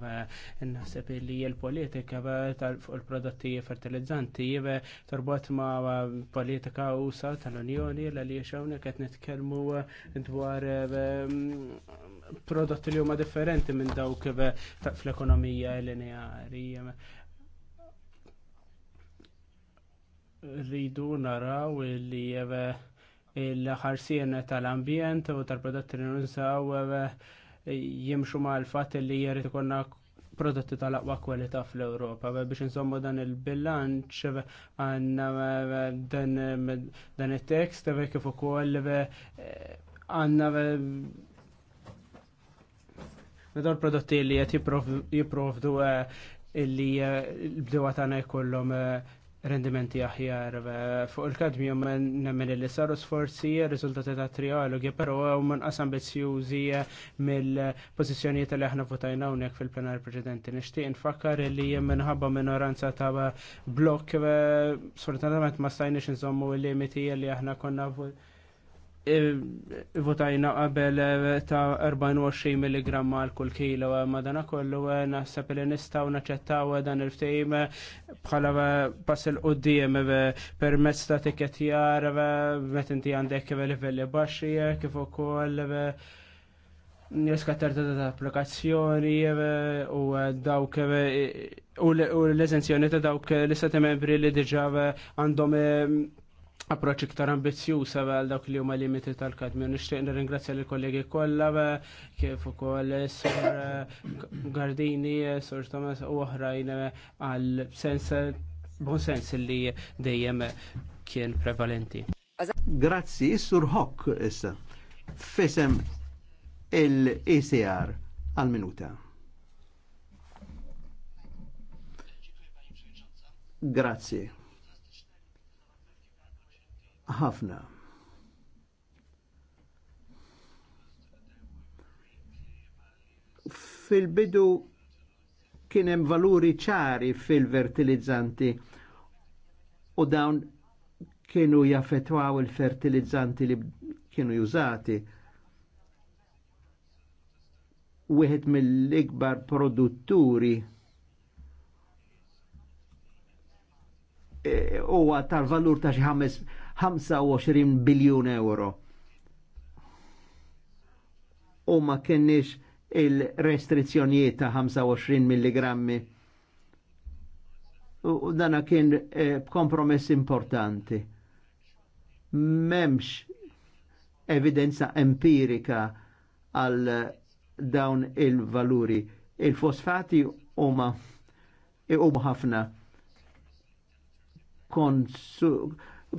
Naħseb li l-politika fuq il-prodotti fertilizzanti jibbe torbot ma' politika usa tal-Unjoni li hawnhekk qed nitkellmu eh, dwar eh, prodotti li huma differenti minn dawk eh, fl-ekonomija lineari. Rridu naraw li il-ħarsien tal-ambjent u tal-prodotti li nużaw jimxu ma' l-fat li jrid ikonna prodotti tal-aqwa kwalità fl-Ewropa. Biex insommu dan il-bilanċ għanna dan il-tekst kif u koll, eh, għanna Medor prodotti li jett jiprovdu eh, illi eh, l-bdewa tagħna jkollhom rendimenti aħjar fuq il-kadmium nemmen li saru sforzi riżultati ta' trialogi però minn nqas ambizjużi mill-pożizzjonijiet li aħna votajna hawnhekk fil-plenar preċedenti. Nixtieq nfakkar li minħabba minoranza ta' blokk sfortunatament ma stajniex inżommu l-limiti li aħna konna votajna qabel eh, ta' 24 mg għal kull kilo eh, madana kollu eh, naħseb li nistaw naċettaw dan il-ftejm bħala pass il-qoddim permezz ta' tikketjar met inti għandek livelli baxi kif ukoll niskattar ta' applikazzjoni u dawk u l-eżenzjoni ta' dawk l-istati membri li diġa għandhom approċ iktar ambizzjuż għal dawk li huma limiti tal-kadmi. Nixtieq nirringrazzja lill kollegi kollha kif ukoll Sur eh, Gardini, Sur Thomas u oħrajn għal sens bon sens li dejjem kien prevalenti.
Grazzi, Sur Hock issa. Fisem il-ECR għal-minuta. Grazie ħafna. Fil-bidu kienem valuri ċari fil-fertilizzanti u dawn kienu jaffetwaw il-fertilizzanti li kienu jużati. Wieħed mill-ikbar produtturi e, huwa e, tal-valur ta' xi ħames 25 biljun euro. U ma kienniex il-restrizzjonijiet ta' 25 mg. U dana kien eh, kompromess importanti. Memx evidenza empirika għal dawn il-valuri. Il-fosfati huma u ħafna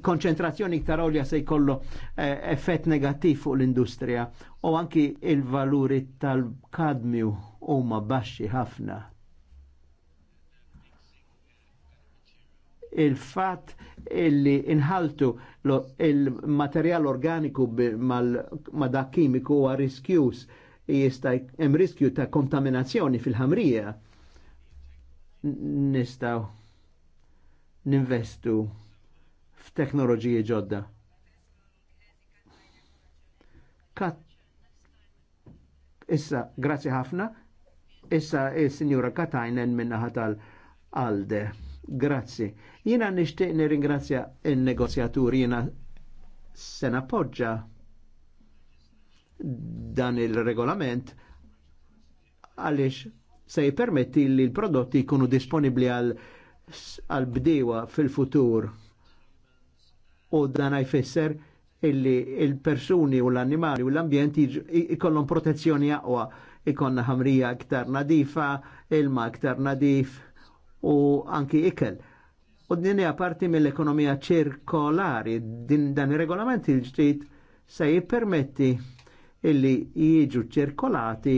konċentrazzjoni iktar olja se jkollu eh, effett negattiv fuq l-industrija u anki il-valuri tal-kadmju huma baxxi ħafna. il-fat illi inħaltu il-materjal organiku ma dak kimiku huwa riskjus jista' hemm riskju ta' kontaminazzjoni fil-ħamrija nistgħu ninvestu f'teknoloġiji ġodda. Kat. Issa, grazzi ħafna, issa il-Sinjura Katajnen minna ħatal alde Grazzi. Jina nishtiq nirringrazzja il-negozjatur, jina sena poġġa dan il-regolament għalix se jipermetti li l-prodotti jkunu disponibli għal bdewa fil-futur u dan jfisser illi il-persuni u l animali u l-ambjent ikollon protezzjoni aqwa ikonna ħamrija aktar nadifa, ilma aktar nadif u anki ikel. U din hija parti mill-ekonomija ċirkolari, din dan ir-regolament il-ġdid se jippermetti illi jiġu ċirkolati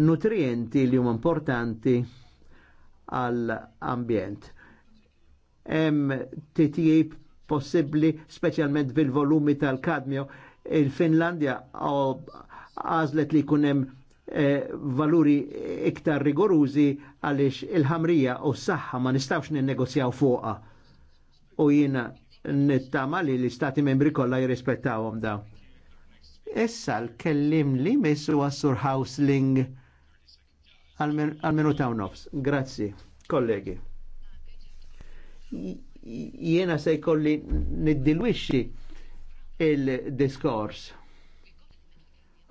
nutrienti li huma importanti għall-ambjent. Hemm titjib possibbli, speċjalment bil-volumi tal-kadmio. Il-Finlandja għazlet li kunem eh, valuri iktar rigorużi għaliex il-ħamrija u s-saħħa ma nistawx ninnegozjaw fuqa. U jiena nittama li l-istati membri kollha jirrispettawhom da. Issa l-kellim li messu għassur Housling għal minuta taw nofs. Grazzi, kollegi jiena se jkolli niddilwixxi il-diskors.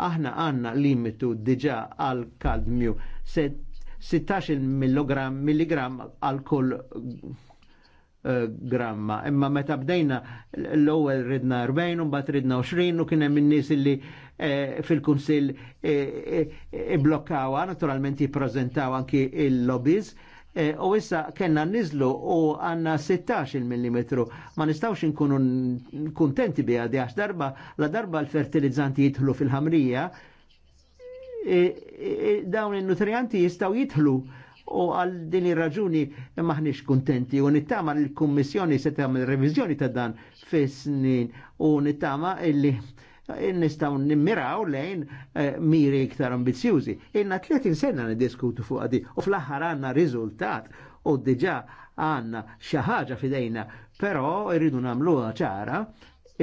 Aħna għanna limitu diġa għal kadmju 16 mg għal kull eh, gramma. Imma meta bdejna l-ewwel ridna 40 u mbagħad ridna 20 u kien hemm in-nies li eh, fil-kunsill iblokkawha eh, naturalment jippreżentaw anki il-lobbies E, u issa kena nizlu u għanna 16 mm. Ma nistawx nkunu kontenti biha di għax darba la darba l-fertilizzanti jidħlu fil-ħamrija e, e, dawn il-nutrijanti jistaw jidħlu u għal din ir-raġuni maħniex kontenti u nittama l-Kummissjoni se tagħmel reviżjoni ta' dan fis-snin u nittama illi nistaw nimmiraw lejn eh, miri iktar ambizjużi. Inna 30 sena nidiskutu fuq għadi u fl-aħħar għanna riżultat u diġa għanna xaħġa fidejna, pero irridu namluha ċara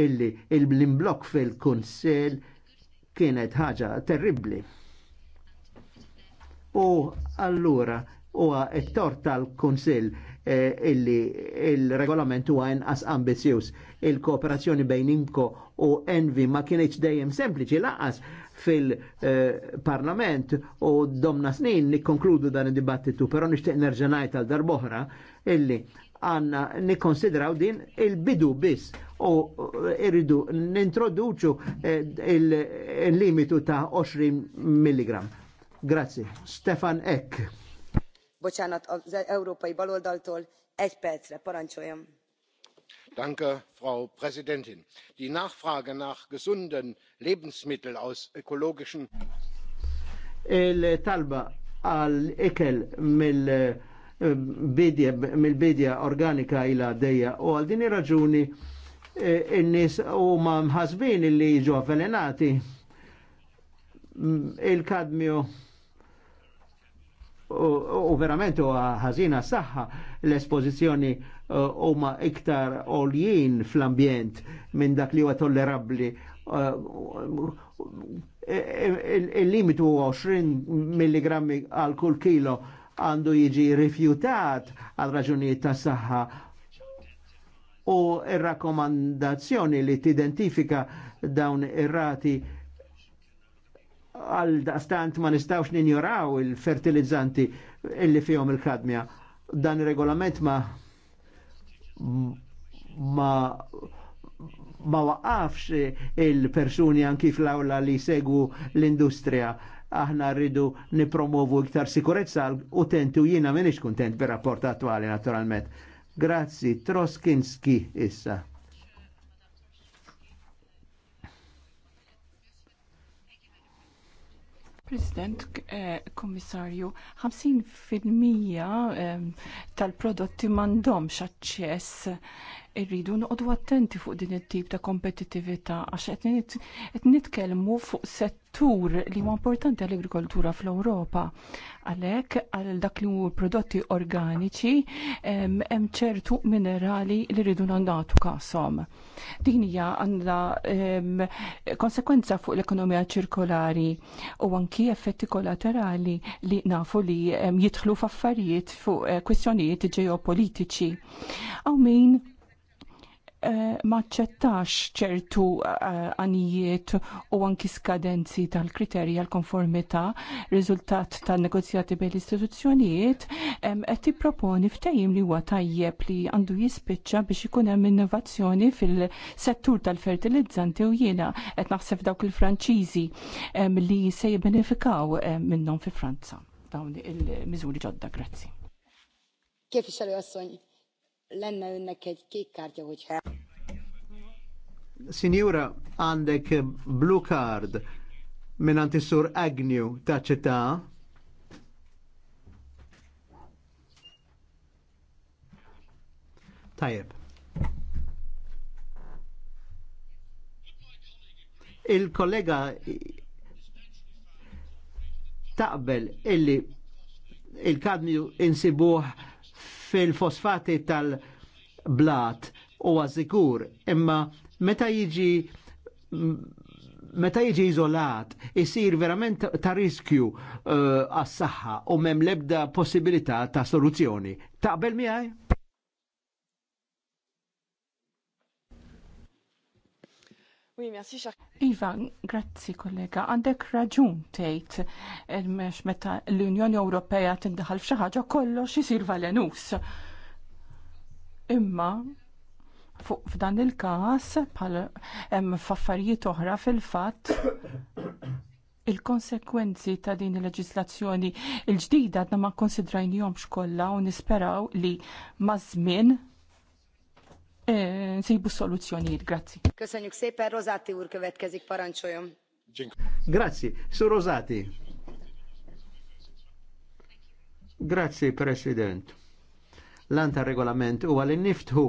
illi il-blimblok fil konsil kienet ħaġa terribli. U allura huwa t tort tal konsil Eh, illi il-regolament huwa inqas ambizjuż. Il-kooperazzjoni bejn Imko u Envi ma kienx dejjem sempliċi laqas fil-parlament eh, u domna snin nikkonkludu dan id-dibattitu, però nixtieq nerġa' ngħid għal darboħra illi għanna nikonsidraw din il-bidu biss u eh, irridu nintroduċu il-limitu ta' 20 mg. Grazzi. Stefan Eck
bocsánat az európai baloldaltól egy percre parancsoljon!
frau präsidentin! die nachfrage nach gesunden lebensmitteln aus ökologischen. il talba għal ikel mill-bidja eh, organika ilha għaddejja u għal din ir-raġuni eh, in-nies huma mħasbin li jiġu avvelenati mm, il-kadmju u verament u ħazina saħħa l-espożizzjoni eh, huma iktar oljien fl-ambjent minn dak li huwa tollerabbli. Eh, eh, Il-limitu 20 milligrammi għal kull kilo għandu jiġi rifjutat għal raġunijiet ta' saħħa u ir-rakkomandazzjoni li tidentifika dawn ir-rati għal daqstant ma nistawx ninjoraw il-fertilizzanti illi fihom il-kadmja. Dan il-regolament ma ma ma waqafx il-persuni anki fl-awla li segwu l-industrija. Aħna rridu nipromovu iktar sikurezza għal-utenti u jina minix kontent bir-rapport attuali naturalment. Grazzi, Troskinski issa.
President, eh, Kommissarju, 50% eh, tal-prodotti mandom aċċess irridu noqogħdu attenti fuq din it-tip ta' kompetitività għax qed nitkellmu fuq settur li huwa importanti għall-agrikoltura fl-Ewropa. Għalhekk għal dak li hu prodotti organiċi hemm ċertu minerali li rridu nagħtu kasom. Din hija għandha konsekwenza fuq l-ekonomija ċirkolari u anki effetti kolaterali li nafu li jidħlu f'affarijiet fuq eh, kwistjonijiet ġeopolitiċi. Għaw min Eh, maċċettax ċertu għanijiet eh, u anki skadenzi tal-kriterji l konformita riżultat tal-negozjati bejn l-istituzzjonijiet qed tipproponi ftehim li huwa tajjeb li għandu jispiċċa biex ikun hemm innovazzjoni fil-settur tal-fertilizzanti u jiena qed naħseb dawk il-Franċiżi li se jibbenefikaw minnhom fi Franza dawn il-miżuri ġodda, grazzi.
Kif ixħalu għassoni? l l-nekket kik karġa
Signora għandek blue card minn antisur Agnew taċċetta. Tajjeb. Il-kollega taqbel illi il-kadmju insibuħ fil-fosfati tal-blat u għazikur imma meta jiġi meta jiġi iżolat, isir verament ta' riskju eh, għas-saħħa uh, u mem lebda possibilità ta' soluzzjoni. Taqbel miħaj?
Iva, grazzi kollega, għandek raġun tgħid eh, mex meta l-Unjoni Ewropea tindaħal f'xi ħaġa kollox isir valenus. Imma fuq f'dan il-każ bħal hemm f'affarijiet oħra fil-fatt il-konsekwenzi ta' din il-leġislazzjoni il-ġdida għadna ma' jomx kollha u nisperaw li ma' żmien eh, nsibu soluzzjonijiet. Grazzi.
Köszönjük Rosati, Rozati úr következik, paranċojom.
Grazzi, su Rosati. Grazzi, President. L-anta regolament u għalli niftħu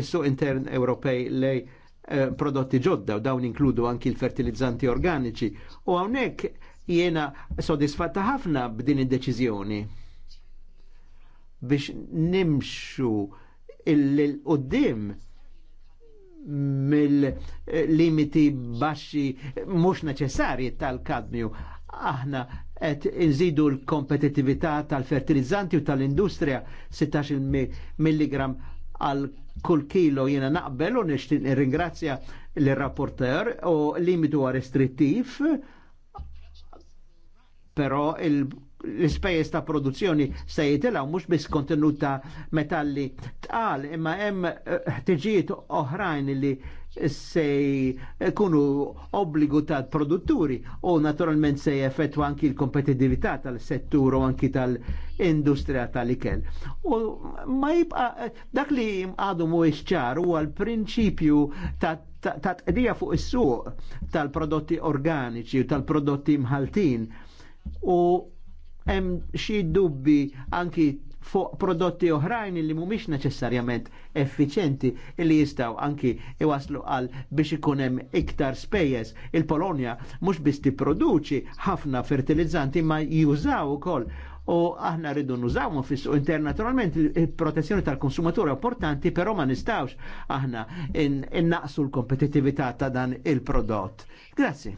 il-suq intern Ewropej lej eh, prodotti ġodda u dawn inkludu anki l-fertilizzanti organiċi u għawnek jena sodisfatta ħafna b'din id-deċizjoni biex nimxu il-qoddim mill-limiti eh, baxxi mhux neċessarji tal-kadmju aħna qed inżidu l-kompetittività tal-fertilizzanti u tal-industrija 16 milligram għal kull kilo jiena naqbel u nixtieq ringrazzja l-rapporter u limitu għar restrittiv però l-ispejjeż ta' produzzjoni se jitilgħu mhux biss kontenut ta' metalli tqal imma hemm eh, ħtiġijiet oħrajn li se kunu obbligu ta' produtturi u naturalment se effettwa anki l-kompetitività tal-settur u anki tal-industrija tal-ikel. U ma jibqa dak li għadu mu ċar u għal-prinċipju ta' ta' tqedija fuq is-suq tal-prodotti organiċi u tal-prodotti mħaltin u hemm xi dubbi anki fuq prodotti oħrajn li mhumiex neċessarjament effiċenti li jistgħu anki iwaslu għal biex ikun hemm iktar spejjeż. Il-Polonja mhux biss tipproduċi ħafna fertilizzanti ma jużaw ukoll u aħna rridu nużawhom fis-suq intern naturalment il-protezzjoni tal-konsumatura importanti, però ma nistawx aħna innaqsu l-kompetittività ta' dan il-prodott. Grazzi.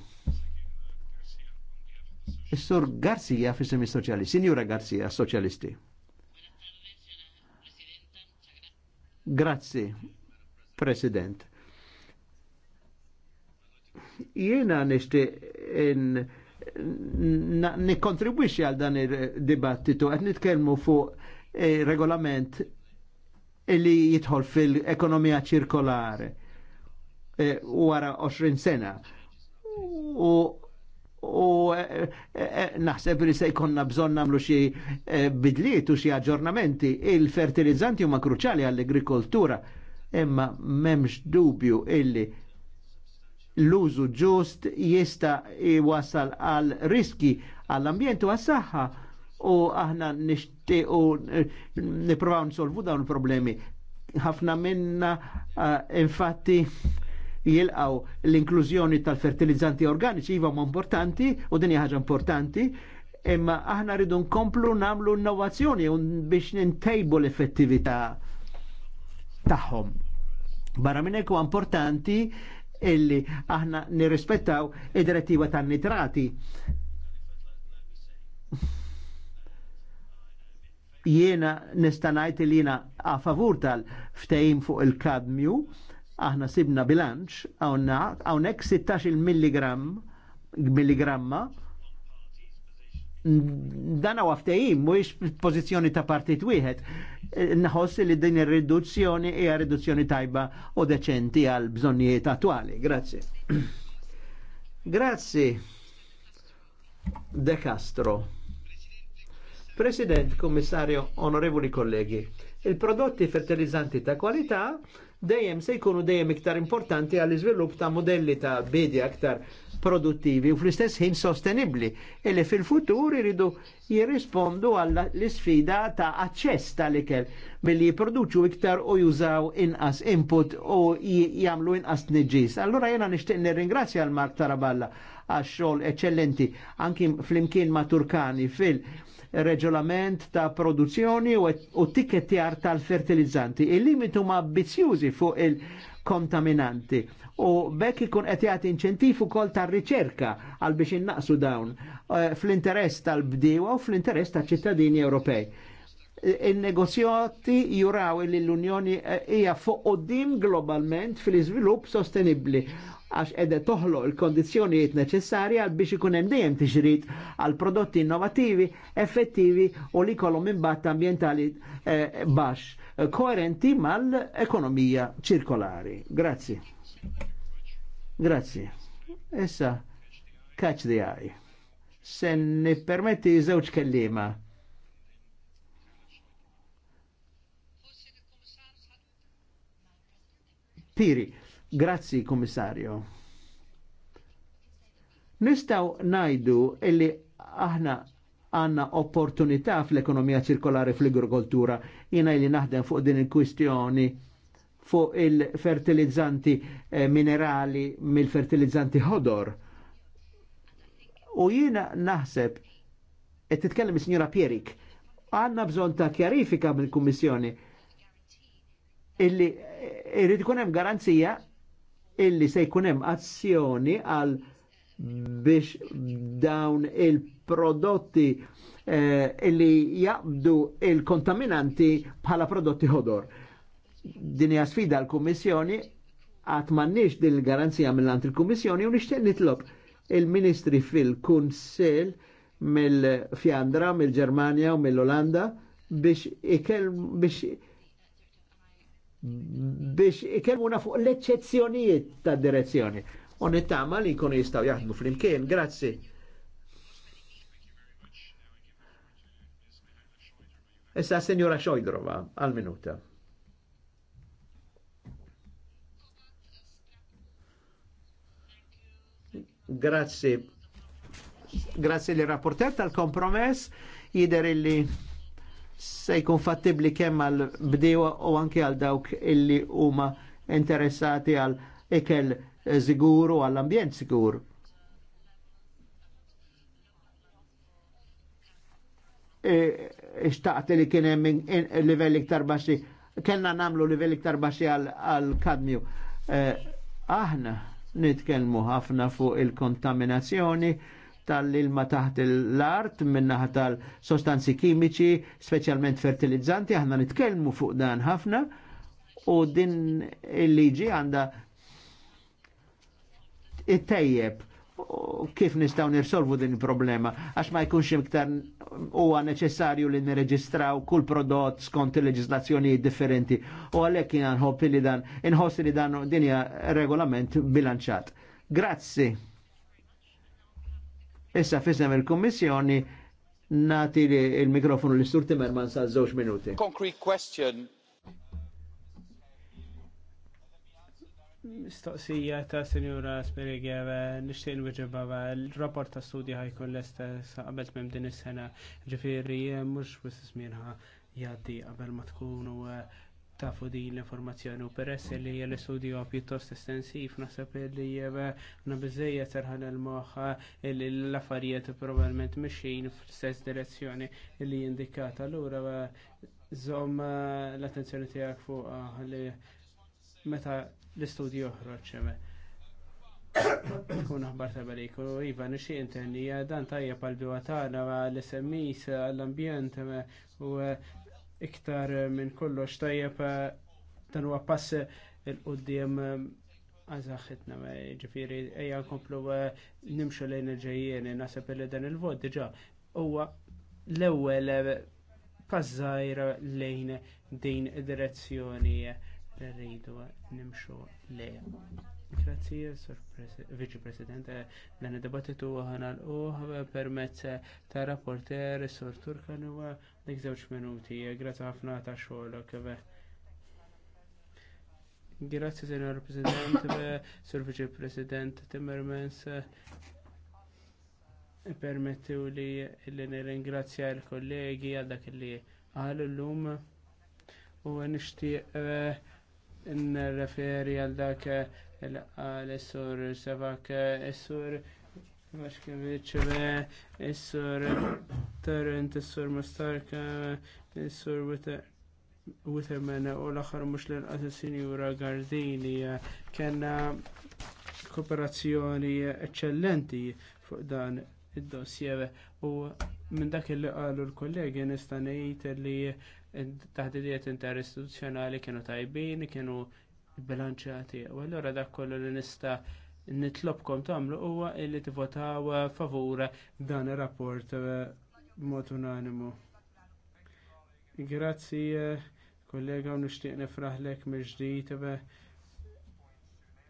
Is-sur Garzija fis-semi soċjalisti Sinjura Garcia soċjalisti. Grazzi, President. Jena nishti in nikontribwixi għal dan il-dibattitu, għet nitkelmu fuq eh, regolament li jitħol fil-ekonomija ċirkolare e, wara 20 sena. U u eh, eh, eh, naħseb li se jkonna bżon namlu xie bidliet u xie aġġornamenti. Il-fertilizzanti huma kruċali għall-agrikoltura, imma memx dubju illi l-użu ġust jista jwassal għal riski għall-ambjent u għas-saħħa u aħna nixtiequ niprovaw nsolvu dawn il-problemi. Ħafna minna infatti jilqaw l-inklużjoni tal-fertilizzanti organiċi iva importanti u din ħaġa importanti imma aħna rridu nkomplu namlu innovazzjoni biex nintejbu l-effettività tagħhom. Barra minn ekku importanti illi aħna nirrispettaw id-direttiva tan-nitrati. Jiena nistanajt il jiena a favur tal-ftejim fuq il-kadmju, aħna sibna bilanċ għawna hawnhekk 16 milligram milligramma dan huwa ftehim mhuwiex pozizjoni ta' partit wieħed. Naħoss li din ir-riduzzjoni hija riduzzjoni tajba u deċenti għal bżonnijiet attwali. Grazzi. Grazzi. De Castro. President, Commissario, onorevoli Kollegi, il prodotti fertilizzanti ta' kwalità dejjem se jkunu dejjem iktar importanti għall iżvilupp ta' modelli ta' bidja aktar produttivi u fl-istess ħin sostenibli, illi fil-futur iridu jirrispondu għall isfida ta' aċċess tal-ikel billi jiproduċu iktar u jużaw inqas input u jagħmlu inqas tniġġis. Allura jena nixtieq nirringrazzja l-Mark Taraballa għax xogħol eċċellenti anki fl-imkien ma' Turkani fil- regolament ta' produzzjoni u tikettjar tal-fertilizzanti. Il-limitu ma' ambizjużi fuq il-kontaminanti u bekk ikun qed jagħti inċentiv ukoll tar-riċerka għal biex innaqsu dawn eh, fl-interess tal-bdiewa u fl-interess tal-ċittadini Ewropej il-negozjati juraw li l-Unjoni hija fuq qudiem globalment fil-iżvilupp sostenibbli għax edhe toħlo il-kondizjonijiet għal biex ikun hemm dejjem tixrid għal prodotti innovativi, effettivi u li kolom imbatt ambientali eh, baxx, koerenti mal-ekonomija ċirkolari. Grazzi. Grazzi. Issa, catch the eye. Se ne permetti żewġ kellima Tiri, Grazzi, Komissarju. Nistaw najdu illi aħna għanna opportunità fl-ekonomija ċirkolari fl-agrikoltura. jina illi naħdem fuq din il-kwistjoni fuq il-fertilizzanti eh, minerali mill-fertilizzanti ħodor. U jina naħseb, et titkellem il-Signora Pierik, għanna bżon ta' kjarifika mill-Kummissjoni illi irrid ikun hemm garanzija illi se jkun hemm azzjoni għal biex dawn il-prodotti eh, illi jaqbdu il-kontaminanti bħala prodotti ħodor. Din hija sfida l-Kummissjoni għat m'għandniex din il-garanzija mill-ant il-Kummissjoni u nixtieq nitlob il-Ministri fil-Kunsel mill-Fjandra, mill-Ġermanja u mill-Olanda biex ikel biex biex ikellmuna fuq l-eċċezzjonijiet ta' direzzjoni. U nittama li jkunu jistaw jaħdmu fl-imkien, grazzi. Issa senjora Xojdrova, għal-minuta. Grazzi. Grazzi li rapporter tal-kompromess jider illi se jkun fattibli kemm għal bdewa u anke għal dawk illi huma interessati għal ikel żigur u għall ambjent sigur. Ixtaqt e, li kien hemm livell iktar baxxi, kellna nagħmlu livell iktar baxxi għal kadmju. E, aħna nitkellmu ħafna fuq il-kontaminazzjoni, tal-ilma taħt l-art minnaħa tal-sostanzi kimiċi, specialment fertilizzanti, aħna nitkellmu fuq dan ħafna u din il-liġi għanda it-tejjeb kif nistaw nirsolvu din il-problema, għax ma jkunx iktar huwa neċessarju li nirreġistraw kull prodott skont il-leġislazzjoni differenti u għalhekk jien li dan inħoss li dan dinja regolament bilanċat. Grazzi. Issa fisem il-Kommissjoni nati il-mikrofonu li Sur Timmermans sa' zoċ minuti.
Concrete question.
Mistoqsija ta' Sinjura Spirigeva, nishtiq nwiġibaba, l-rapport ta' studji ħajkun l-estess qabel mem din is-sena, ġifieri mhux wisismirħa jgħaddi qabel ma tkunu tafu din l-informazzjoni u peress li l-istudju pjuttost estensiv naħseb li na bizzejja terħan il-moħħa li l-affarijiet probabbilment mixin fl-istess direzzjoni li indikata allura żomm l-attenzjoni tiegħek fuq li meta l-istudju joħroġ Kun aħbar ta' balik, u Iva, nixi intenni, dan tajja pal-biwa tagħna l-SMIs, l-ambjent, u iktar eh, minn kollox tajjeb eh, dan huwa pass il-qudiem eh, għazaxitna ġifiri eja nkomplu nimxu lejn il-ġejjien nasab li dan il-vot diġa huwa l-ewwel pazzajra lejn din id-direzzjoni rridu nimxu lejn. Grazie, Vice President. Eh, dan id-dibattitu għana l-uħ eh, permezz eh, ta' rapporter Sur Turkan u dik zewċ minuti. Grazie ħafna ta' xogħolok. Grazie, Senor President, Sur Vice President Timmermans. Permettu li nirringrazzja l-kollegi għal dak li għal l-lum u nishtiq n-referi għal dak l-għal eh, sur Sevak, eh, sur Vaxkevic, eh, sur Tarrant, sur Mastarka, sur Witherman u l-axar mux l-assassini u ragardini kena kooperazzjoni eccellenti fuq dan id-dossier u minn dak il qalu l-kollegi nista' li taħdidiet interistituzjonali kienu tajbin, kienu bilanċati. U allura dak kollu li nista' nitlobkom tagħmlu huwa li tivvotaw favur dan ir-rapport eh, b'mod unanimu. Grazzi eh, kollega u nixtieq nifraħlek mill-ġdid eh,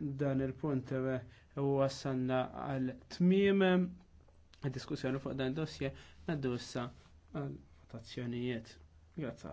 dan il-punt u wassanna għal tmiem diskussjoni fuq dan dossier naddu issa għal votazzjonijiet. Grazzi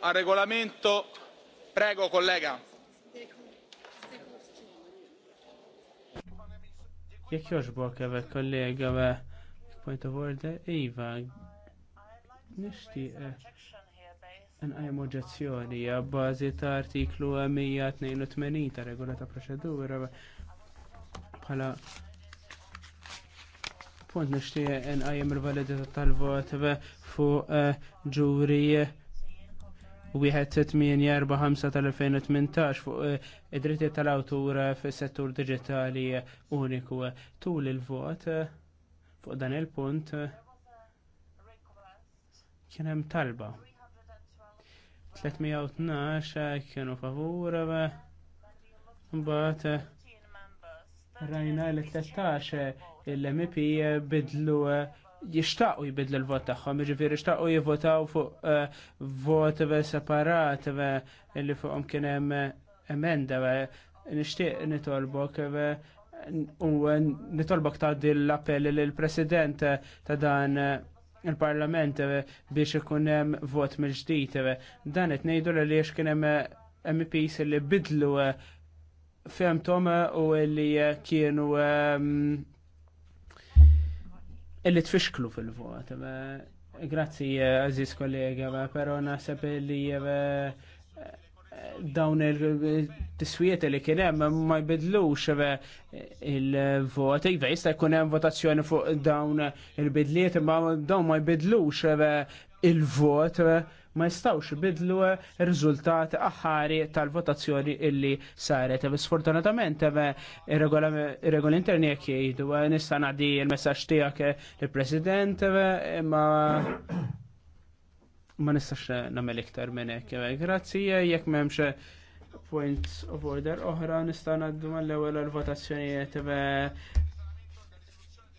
a regolamento prego kollega
jekk joġbok għavek kollega għave point of order iva nishtiq eh, nqajm oġġezzjoni għabbażi ta' artiklu 182 ta' regola ta' proċedura bħala punt nishtiq eh, nqajm il-validità tal-vot fuq eh, ġuri 1 4 5 2018 fuq eh, id dritti tal-awtur fis-settur digitali eh, uniku eh, tul il-vot fuq dan il-punt kienem talba. 312 kienu favur mbagħad rajna l 13 il-MP bidlu jishtaqu jibidlu l-vot tagħhom, jiġifieri jixtaqu jivvotaw fuq eh, vot separat li fuqhom kien hemm eh, emenda nixtieq nitolbok u nitolbok ta' l-appell lill-President ta' dan eh, il-Parlament biex ikun hemm vot mill-ġdid. Dan qed ngħidu li kien hemm MPs li bidlu femtom u li kienu illi tfixklu fil-vot. Grazzi, aziz kollega, pero nasab li dawn il-tiswiet li kienem ma jbidlux il-vot. Iva, jista jkunem votazzjoni fuq dawn il-bidliet, ma dawn ma jbidlux il-vot ma jistawx bidlu r riżultati aħħari tal-votazzjoni illi saret. Sfortunatament, ir-regoli interni jek jgħidu, nista' ngħaddi l-messaġġ tiegħek il-President, imma ma nistax nagħmel iktar minn hekk. Grazzi jekk m'hemmx points of order oħra nista' ngħaddu mal-ewwel l-votazzjonijiet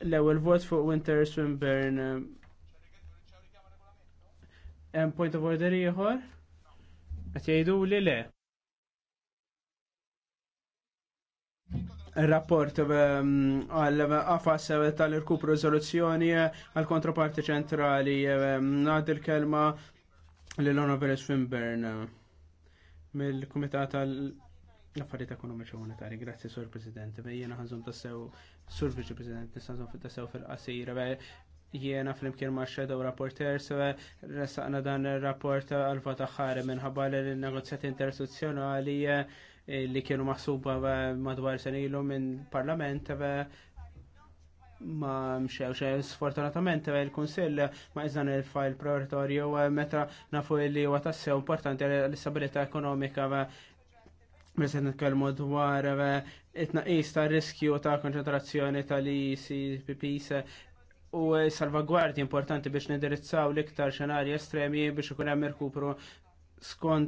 l-ewwel vot fuq Winter Swinburne Hemm point of order ieħor? Qed jgħidu li le. rapport ehm, għal għafas tal-irkup rezoluzzjoni għal kontraparti ċentrali ehm, għad il-kelma l-Honorable Swinburne mill-Kumitat tal-Affarijiet Ekonomiċi Monetari. Grazzi, Sur President. Bejjena ħanżom tassew, Sur Viċi President, nistanżom tassew fil-qasira jiena fl-imkien ma' Shadow Rapporter sewe eh, resaqna dan il-rapport għal-vot aħħar minħabba l negozjat interstituzzjonali eh, li kienu maħsuba eh, madwar senilu minn parlament ma mxewx sfortunatament il-Kunsill ma iżan il-fajl prioritorju meta nafu li huwa tassew importanti l-istabilità ekonomika Mesa nitkellmu dwar it-tnaqqis ta' riskju ta' konċentrazzjoni tal-ICPPs u salvagwardji importanti biex nindirizzaw l-iktar xenarji estremi biex ikun hemm irkupru skont